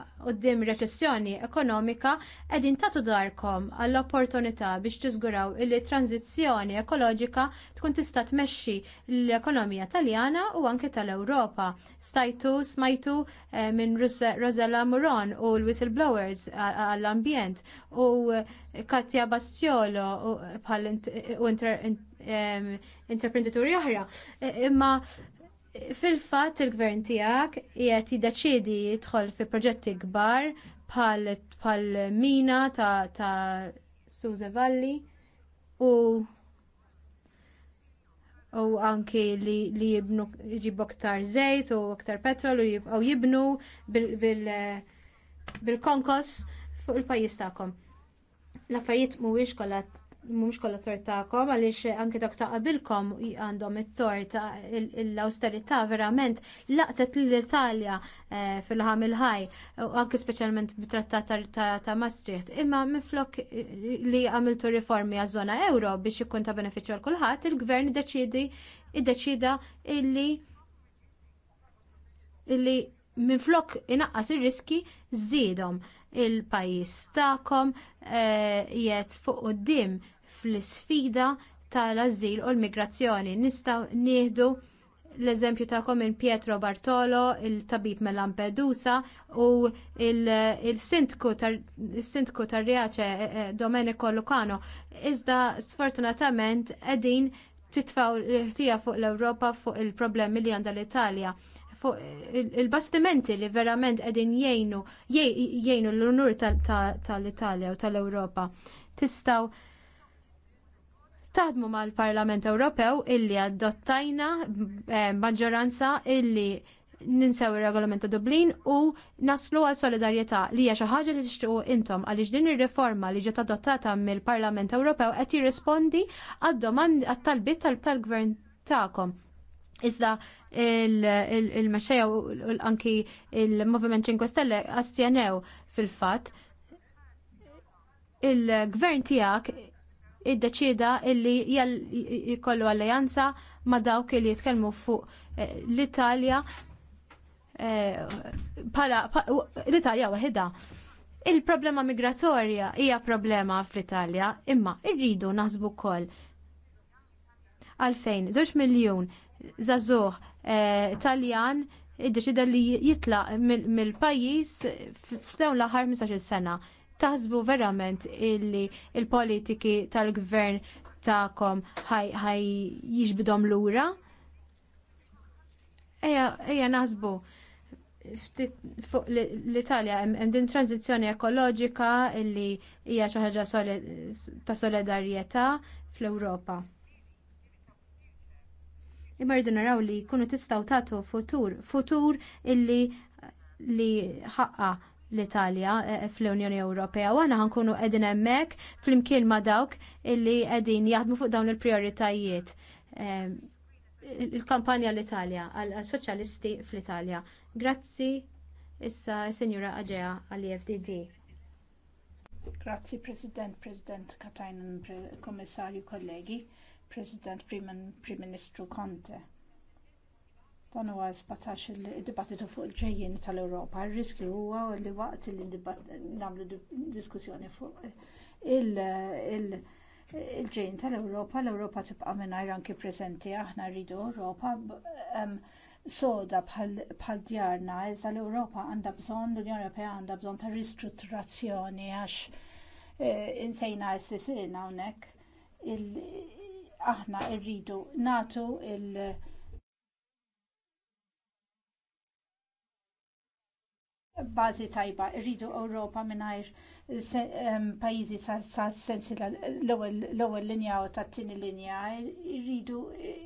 dim reċessjoni ekonomika qegħdin tagħtu darkom għall-opportunità biex tiżguraw li tranzizjoni ekoloġika tkun tista' tmexxi l-ekonomija Taljana u anke tal-Ewropa. Stajtu smajtu eh, minn Rosella Muron u l-whistleblowers għall-ambjent u eh, Katja Bastiolo u intraprenditori oħra. E, imma fil-fatt il-gvern tiegħek qiegħed jiddeċiedi jidħol fi proġetti kbar bħal mina ta', ta Suze Valli u u anki li, li jibnu jġibu aktar zejt u aktar petrol u jibqaw jibnu bil-konkos bil, bil fuq il-pajis tagħkom. L-affarijiet mhuwiex kollha mhumiex kollha tort tagħkom għaliex anke dak ta' qabilkom għandhom it-tort l awsterità verament laqtet l-Italja eh, fil-ħam il-ħaj anke speċjalment bit-trattat ta' Maastricht. Imma minflok li għamiltu riformi għaż-żona euro biex ikun ta' beneficju għal kulħadd, il-gvern iddeċidi iddeċida illi illi minflok inaqqas ir-riski żiedhom il-pajis tagħkom eh, jgħet fuq quddiem fl-isfida tal-azil u l-migrazzjoni. Nistaw nieħdu l-eżempju ta' komin Pietro Bartolo, il-tabib me Lampedusa u il-sindku il tar riace eh, eh, Domenico Lucano. Iżda sfortunatament edin titfaw l-ħtija fuq l-Europa fuq il-problemi li għanda l-Italja fuq il-bastimenti li verament edin jgħinu jgħinu l-unur tal-Italja u tal-Europa. Tistaw taħdmu mal-Parlament Ewropew illi adottajna eh, maġġoranza illi ninsew il regolament ta' Dublin u naslu għal solidarjetà li hija xi ħaġa li tixtiequ intom għaliex din ir-riforma li ġiet adottata mill-Parlament Ewropew qed jirrispondi għad-domand għat-talbiet tal-gvern tagħkom. Iżda il-mexxejja u anki il-Movement 5 Stelle astjanew fil-fatt il-gvern tiegħek iddeċida illi jkollu alleanza ma' dawk li jitkellmu fuq eh, l-Italja eh, pala l-Italja waħedha. Il-problema migratorja hija problema fl-Italja, imma irridu naħsbu wkoll għalfejn, żewġ miljun zazuħ eh, Taljan iddeċida li jitlaq mill-pajjiż f'dawn l-aħħar 15-il sena taħsbu verament illi il-politiki tal-gvern tagħkom ħaj jiġbidhom lura? Eja, eja naħsbu fuq l-Italja hemm din tranzizzjoni ekoloġika illi hija xi ħaġa ta' solidarjetà fl-Ewropa. Imma rridu naraw li jkunu tistgħu tagħtu futur, futur illi li ħaqqa l-Italja eh, eh, fl-Unjoni Ewropea u għana għankunu edin emmek fl-imkien ma dawk illi edin jaħdmu fuq dawn il-prioritajiet. Eh, il-kampanja l-Italja, għal-soċjalisti fl-Italja. Grazzi issa Senjura Aġeja għal-IFDD. Grazzi President, President Katajnan, Komissarju, kollegi, President Prim Ministru Conte Dan huwa 17 il-dibattitu fuq il-ġejjin tal-Ewropa. Ir-riskju huwa li waqt li nagħmlu diskussjoni fuq il-ġejjin tal-Ewropa, l-Ewropa tibqa' mingħajr anki preżenti aħna rridu Ewropa soda bħal djarna, iżda l-Ewropa għandha bżonn, l-Unjoni Ewropea għandha bżonn ta' ristrutturazzjoni għax e, insejna s-sisina hawnhekk aħna rridu natu il- bażi tajba, rridu Ewropa mingħajr pajjiżi sa' sensi l-ewwel linja u tat-tieni linja, rridu e,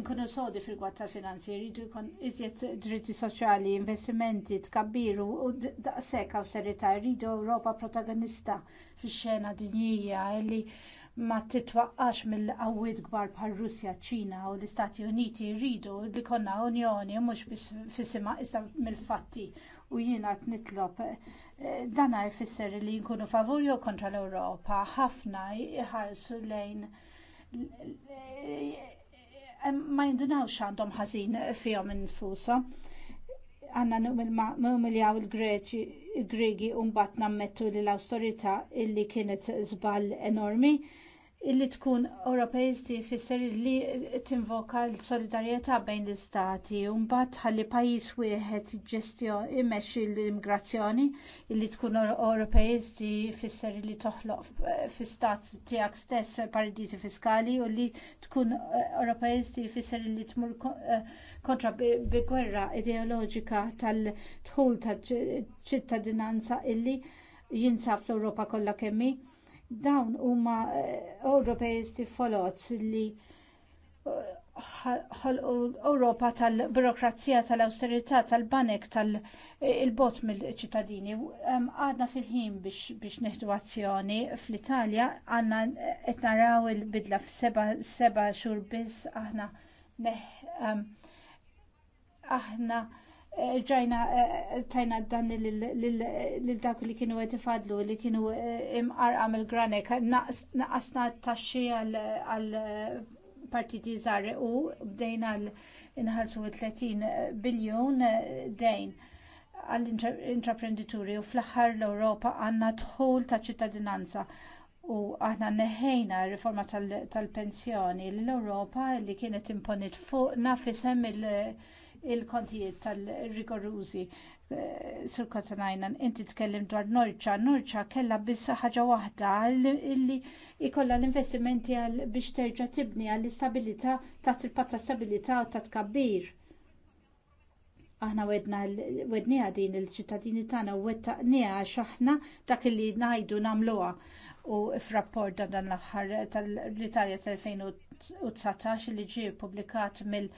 inkunu sodi fil-gwatt tal-finanzi, rridu jkun iżjed dritti soċjali, investimenti, tkabbiru u daqshekk awsterità, rridu Ewropa protagonista fix-xena dinjija li ma titwaqqax mill-qawwiet kbar bħal Russja, ċina u l-Istati Uniti jridu li konna unjoni mhux biss fisima issa mill-fatti u jiena qed nitlob eh, dan jfisser li nkunu favur jew kontra l-Ewropa ħafna jħarsu lejn eh, ma jindunawx għandhom ħażin fihom infushom għanna numiljaw il-Gregi un bat nammettu li l-austerita illi kienet zbal enormi illi tkun Ewropejsti jfisser li tinvoka l-solidarjetà bejn l-istati u mbagħad ħalli pajjiż wieħed immexxi l-immigrazzjoni illi tkun Ewropejsti jfisser li toħloq fis stat tiegħek stess paradisi fiskali u li tkun eh, Ewropejsti jfisser li tmur eh, kontra b gwerra ideoloġika tal-dħul tal-ċittadinanza illi jinsab fl-Ewropa kollha kemm dawn huma eh, Ewropejisti folots li eh, Ewropa tal-birokrazija, tal-austerità, tal-banek, tal-bot eh, mill-ċittadini. Għadna fil-ħin biex neħdu azzjoni fl-Italja, għanna qed naraw il-bidla f xhur biss aħna aħna ġajna eh, tajna dan lil dak li kienu għet ifadlu li kienu eh, imqarqa mill granek naqasna taxxi għal partiti zar u bdejna l-inħalsu 30 biljon eh, dejn għall intraprenditori u fl-aħħar l-Ewropa għandna dħul ta' ċittadinanza u aħna neħejna r riforma tal-pensjoni l-Ewropa li kienet imponit fuqna fisem il- il-kontijiet tal-rigorużi. Eh, sur Kotanajnan, inti tkellim dwar Norċa, Norċa kella biss ħaġa waħda illi ikolla l-investimenti għal biex terġa' tibni għall istabilita taħt il-patta stabilita u ta' tkabbir. Aħna wedna wedniha din il-ċittadini tagħna u wettaqniha nija x'aħna dak li ngħidu nagħmluha u f'rapport rapport dan l-aħħar tal italja tal-2019 li ġie ppubblikat mill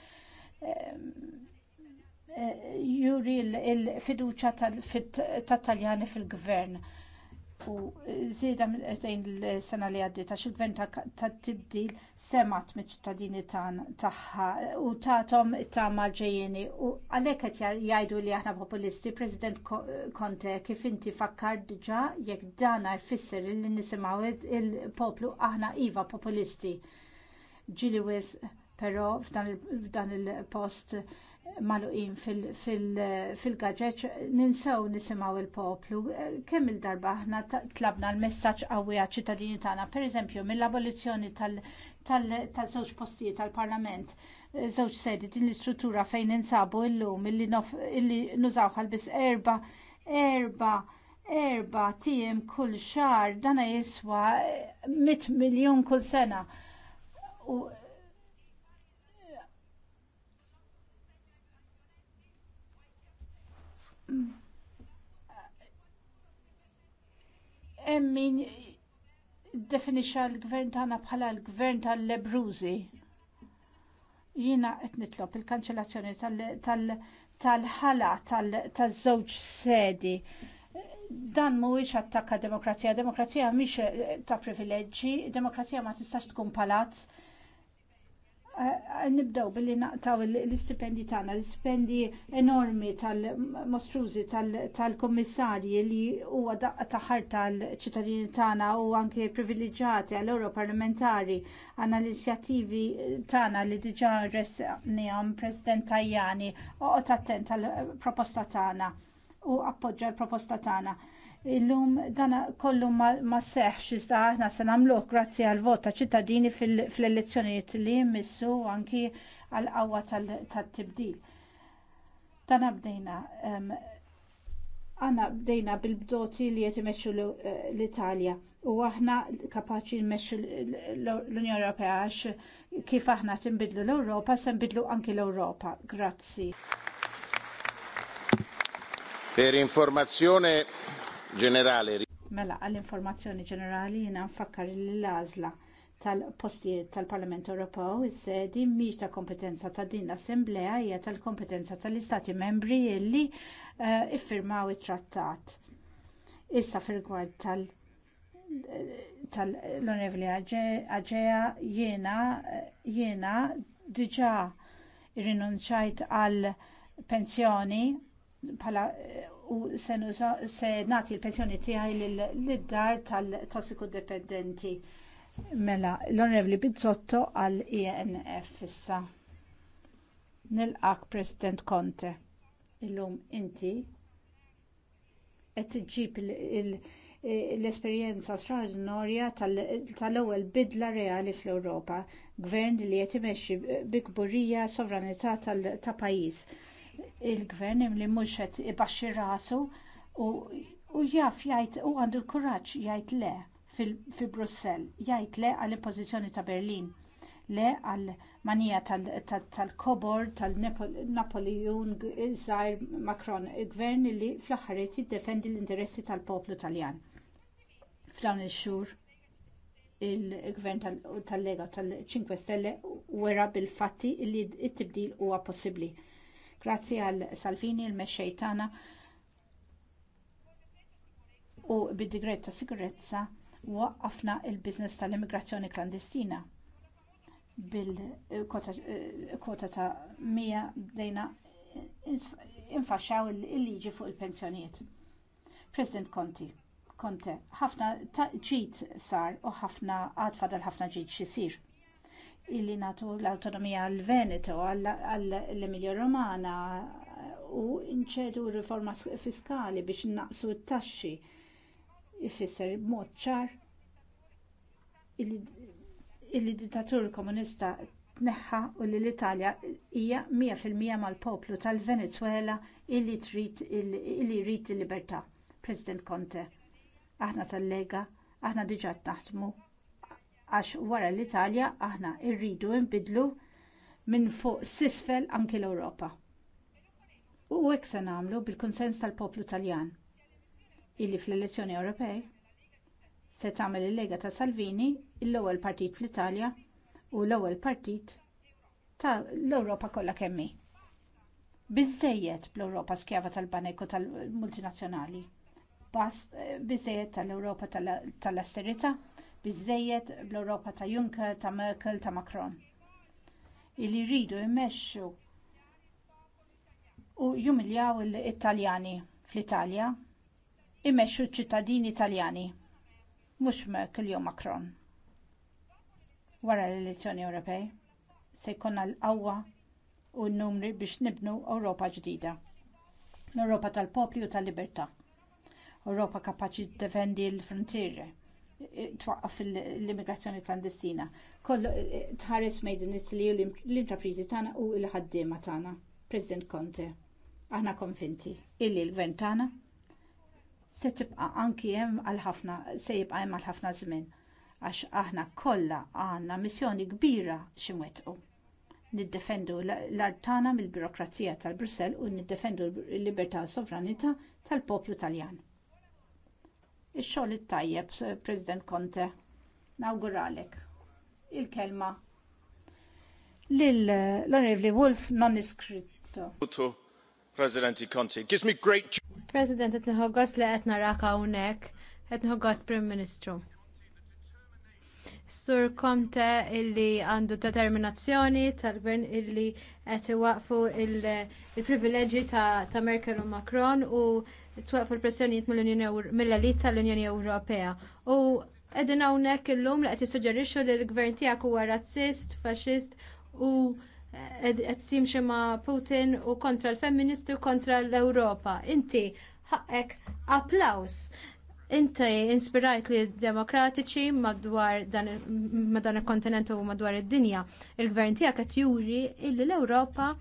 juri l-fiduċa tal-Taljani fil-gvern u zida minn l-sena li għaddi ta' xil-gvern ta' tibdil semat me ċittadini taħħa u ta'tom ta' malġejjeni u għalek għet jajdu li aħna populisti, President Conte, kif inti fakkar diġa jekk dana jfisser li nisimaw il-poplu aħna iva populisti. Ġili wis, pero f'dan il-post il post maluqin fil-gaġeċ ninsew nisimaw il-poplu. Kemm il-darba aħna tlabna l-messaġġ qawwi għaċ-ċittadini tagħna, pereżempju mill-abolizzjoni tal-żewġ postijiet tal-Parlament, żewġ sedi din l-istruttura fejn insabu llum illi nużaw ħalbis erba erba erba tiem kull xar dana jiswa 100 miljun kull sena. Emmin definixa l-gvern tagħna bħala l-gvern tal-Lebruzi. Jiena qed nitlob il-kanċellazzjoni tal-ħala tal-żewġ sedi. Dan mhuwiex attakka demokrazija, demokrazija mhix ta' privileġġi, demokrazija ma tistax tkun palazz Eh, nibdew billi naqtaw l-istipendi tagħna, l-istipendi enormi tal-mostrużi tal-kommissarji li huwa daqqa taħar tal-ċittadini tagħna u anke privileġġjati għall europarlamentari parlamentari għandna l-inizjattivi tagħna li diġà ressaqnihom President Tajani oqgħod attent tal-proposta tagħna u appoġġa l-proposta tagħna. Illum dan kollu ma, ma seħx iżda aħna se nagħmluh grazzi għal vot ta' ċittadini fl elezzjonijiet li jmissu anki għal qawwa tat-tibdil. Dana bdejna għana bdejna bil-bdoti li qed imexxu l-Italja u aħna kapaċi nmexxu l-Unjoni Europea għax kif aħna tinbidlu l-Ewropa se nbidlu anki l-Ewropa. Grazzi. Per informazione ġenerali. Mela, għall-informazzjoni ġenerali jina nfakkar l-lazla tal-postijiet tal-Parlament Ewropew is-sedi mhix ta' kompetenza ta' din l-Assemblea hija tal-kompetenza tal-Istati membri illi uh, eh, iffirmaw it-trattat. Issa fil-gwad tal- eh, tal-Onorevoli Aġeja jiena eh, jiena diġà irrinunċajt għal pensjoni pala u se nagħti l-pensjoni tiegħi lid-dar tal-tossiku dipendenti. Mela, l-Onorevli Bizzotto għal INF e issa. Nilqak President Conte. Illum inti qed ġib l-esperjenza straordinarja tal-ewwel bidla reali fl-Ewropa, gvern li qed imexxi bi tal sovranità ta' pajjiż il-gvern li mhux qed ibaxxi rasu u, u jaf jgħid u għandu l-kuraġġ jgħid le fi Brussell, jgħid le għall pożizzjoni ta' Berlin le għal manija tal-kobor tal-Napoleon Zair Macron, il gvern li fl-axħariet jiddefendi l-interessi tal-poplu taljan. F'dawn il-xur, il-gvern tal-Lega tal-5 Stelle wera bil-fatti li t-tibdil huwa possibbli. Grazzi għal Salvini il-mexxej tagħna u bid-digret ta' sigurezza waqqafna l business tal-immigrazzjoni klandestina bil-kwota eh, ta' Mija bdejna infaxxaw il-liġi fuq il-pensjonijiet. President Conti, Conte, ħafna ġid sar u ħafna għad fadal ħafna ġid xisir illi natu l-autonomija għal-Veneto, għall-Emilia Romana u nċedu riforma fiskali biex naqsu t-taxxi ifisser moċċar ċar il-dittatur komunista tneħħa u li l-Italja hija 100% mal-poplu tal-Venezuela illi trid illi jrid il-libertà. President Conte, aħna tal-Lega, aħna diġà naħdmu għax wara l-Italja aħna rridu nbidlu minn fuq sisfel anki l-Ewropa. U hekk se nagħmlu bil-konsens tal-poplu Taljan illi fl-elezzjoni Ewropej se tagħmel il-Lega ta' Salvini l-ewwel partit fl-Italja u l-ewwel partit ta' l-Ewropa kollha kemmi. Biżejjed bl-Ewropa skjava tal-baneko tal-multinazzjonali. Bast eh, biżejjed tal-Ewropa tal-asterita, tal ewropa tal asterita biżejjed bl-Ewropa ta' Juncker, ta' Merkel, ta' Macron. Illi rridu jmexxu u jumiljaw l-Italjani fl-Italja, imexxu ċittadini Italjani, mhux Merkel jew Macron. Wara l-elezzjoni Ewropej se jkollna l-qawwa u n-numri biex nibnu Ewropa ġdida. L-Ewropa tal-popli u tal-libertà. Ewropa kapaċi tiddefendi l-frontiere twaqqaf l-immigrazzjoni klandestina. Kollu tħares made in Italy u l-intrapriżi tagħna u l-ħaddiema tagħna. President Conte, aħna konfinti illi l-gvern tagħna se tibqa' anki hemm għal ħafna se jibqa' hemm għal ħafna żmien għax aħna kollha għandna missjoni kbira mwettqu. Niddefendu l-art tagħna mill-birokrazija tal-Brussell u niddefendu l-libertà u sovranità tal-poplu Taljan. Ix-xogħol it-tajjeb, President Conte. Nawguralek. Il-kelma l-Onorevoli Wolf non iskritto. President Conte, gives me great President, etni ħoggos li etna raka unek, etni ħoggos Prim Ministru. Sur Conte illi għandu determinazzjoni tal-gvern illi qed iwaqfu il-privileġġi ta', ta Merkel u Macron u twaqfu l-pressjonijiet mill-elit tal-Unjoni Ewropea. U edin hawnhekk illum li qed jissuġġerixxu li l-gvern tiegħek huwa razzist, faxist u qed jimxi ma' Putin u kontra l-femministi u kontra l-Ewropa. Inti ħaqek applaus. Inti inspirajt li demokratiċi madwar dan il-kontinent u madwar id-dinja. Il-gvern tiegħek qed juri illi l-Ewropa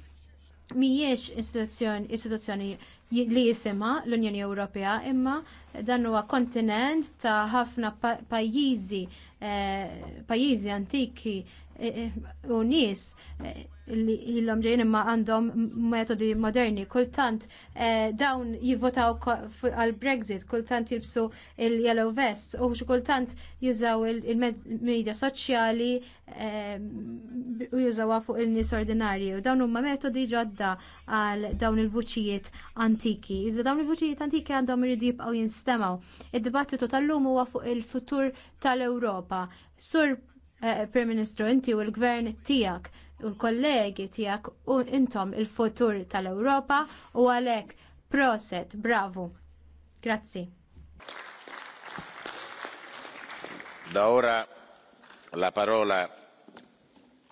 mhijiex istituzzjoni li jisima l-Unjoni Ewropea imma dan huwa kontinent ta' ħafna pajjiżi eh, pajjiżi antiki eh, eh, u nies li ilhom ġejjin imma għandhom metodi moderni. Kultant dawn jivvotaw għal Brexit, kultant jilbsu il-yellow vest u xi kultant jużaw il-medja soċjali u jużawha fuq il nies ordinarji u dawn huma metodi ġodda għal dawn il-vuċijiet antiki. Iżda dawn il-vuċijiet antiki għandhom iridu jibqgħu jinstgħu nistemaw. Id-dibattitu tal-lum huwa fuq il-futur tal-Ewropa. Sur eh, Prim Ministru, inti u l-gvern tijak u l-kollegi tijak u intom il-futur tal-Ewropa u għalek proset, bravo. Grazzi. Da ora la parola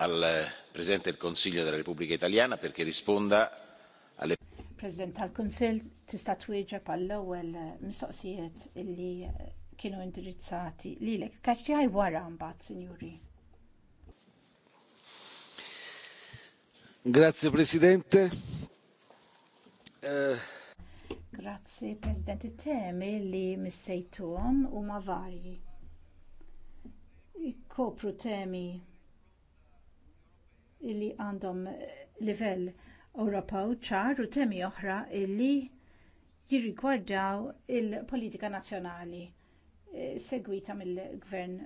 al Presidente del Consiglio della Repubblica Italiana perché risponda alle President tal-Kunsill tista' twieġeb għall-ewwel eh, mistoqsijiet illi eh, kienu indirizzati lilek. Kaċċi wara mbagħad, Sinjuri. Grazie Presidente. Eh. Grazie Presidente. Temi li missejtuhom huma varji. Ikkopru temi li għandhom livell Ewropew ċar u temi oħra li jirrigwardaw il-politika nazzjonali eh, segwita mill-gvern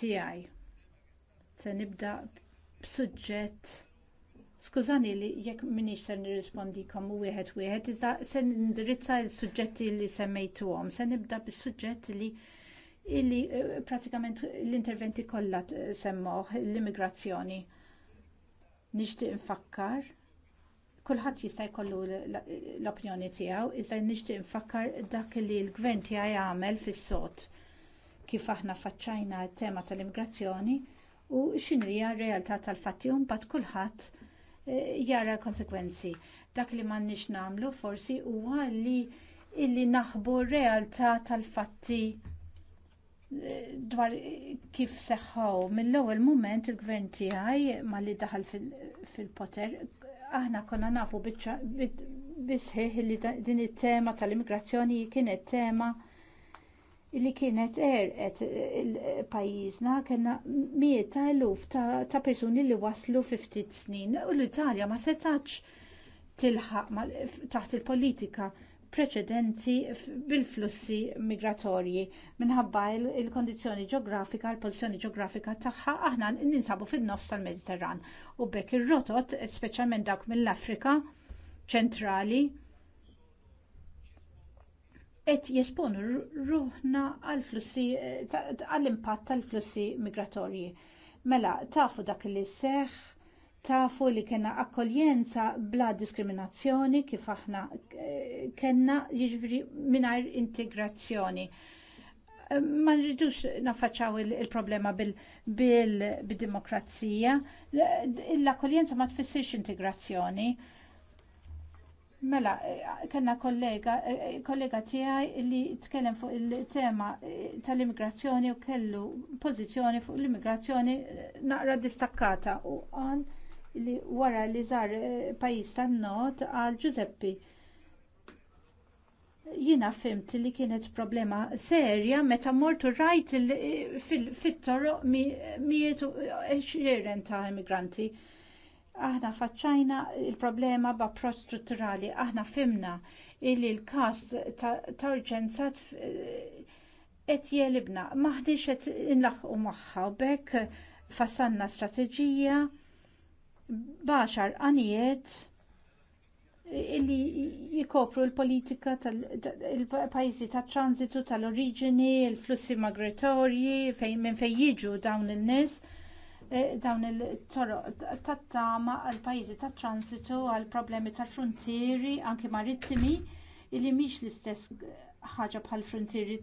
tiegħi. Se nibda b'suġġett Skużani li jekk minix se nirrispondi kom u wieħed wieħed, iżda se nindirizza l-suġġetti li semmejtuhom. Se nibda bis-suġġett li illi eh, pratikament l-interventi kollha semmoh l-immigrazzjoni. Nixtieq infakkar Kulħadd jista' jkollu l-opinjoni tiegħu, iżda nixtieq nfakkar dak li l-gvern tiegħi jagħmel fis-sod kif aħna faċċajna t-tema tal-immigrazzjoni u hija r-realtà tal-fatti u mbagħad kulħadd eh, jara konsekwenzi. Dak li m'għandniex nagħmlu forsi huwa li illi naħbu r-realtà tal-fatti eh, dwar kif seħħaw mill-ewwel mument il-gvern tiegħi li daħal fil-poter aħna konna nafu bisħiħ li din it-tema tal-immigrazzjoni kienet tema li kienet erqet il-pajizna kena miet ta' eluf ta' persuni li waslu 50 snin u l-Italja ma setax tilħaq taħt il-politika preċedenti bil-flussi migratorji minħabba il kondizzjoni ġeografika, il pożizzjoni ġeografika tagħha aħna ninsabu fin-nofs tal-Mediterran u bekk ir-rotot, speċjalment dawk mill-Afrika ċentrali, qed jesponu ruħna għall flussi eh, għall-impatt tal-flussi migratorji. Mela, tafu dak li seħħ tafu li kena akkoljenza bla diskriminazzjoni kif aħna eh, kena jiġri minar integrazzjoni eh, ma nridux nafaċaw il-problema bil-demokrazija. L-akkoljenza ma tfissirx integrazzjoni. Mela, eh, kena kollega, kollega tijaj li tkellem fuq il-tema tal-immigrazzjoni u kellu pozizjoni fuq l-immigrazzjoni naqra distakkata u għan li wara li żar eh, pajjiż tan-not għal Giuseppi. Jiena fimt li kienet problema serja meta mortu rajt eh, fit-toroq mietu eh, xiren ta' immigranti. Aħna faċċajna il-problema b'approċċ strutturali, aħna fimna li l-każ ta' urġenza qed jelibna, maħniex qed inlaħqu magħha u bekk fassanna strateġija baxar għanijiet illi jikopru l-politika tal-pajzi ta' transitu tal-oriġini, il-flussi migratorji, minn fejn jiġu dawn il-nies, eh, dawn il-toroq tat-tama għal-pajzi ta' transitu għal problemi tal-frontieri, anki marittimi, illi miex l-istess ħaġa bħal frontieri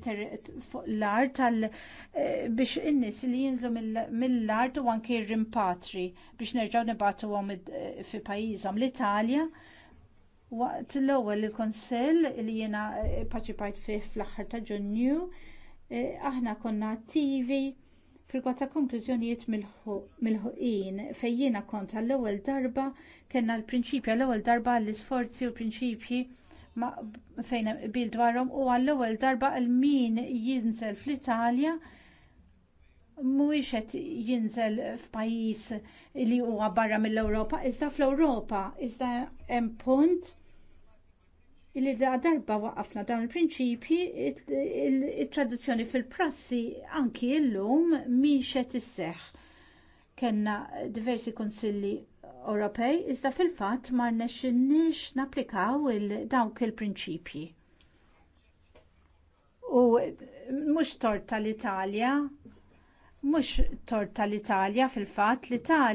fuq l-art tal eh, biex innis li jinżlu mill-art u anki rimpatri biex nerġaw nibatu għom eh, fi pajizom l-Italja. Waqt l-ewwel il-Konsell li jiena eh, paċipajt fih fl-aħħar ta' Ġunju, aħna konna attivi fil ta' konklużjonijiet mill-ħuqin fejn jiena kont għall-ewwel darba kellna l-prinċipja l-ewwel darba għall isforzi u prinċipji fejn bil dwarhom u għall-ewwel darba għal min jinżel fl-Italja mhuwiex qed jinżel f'pajjiż li huwa barra mill-Ewropa, iżda fl-Ewropa, iżda hemm punt li da darba waqafna dawn il-prinċipji it-traduzzjoni fil-prassi anki llum mhix qed isseħħ. Kenna diversi konsilli Ewropej iżda fil-fatt ma rnexxinniex napplikaw il dawk il-prinċipji. U mhux tort tal-Italja, mhux tort tal-Italja fil-fatt l-Italja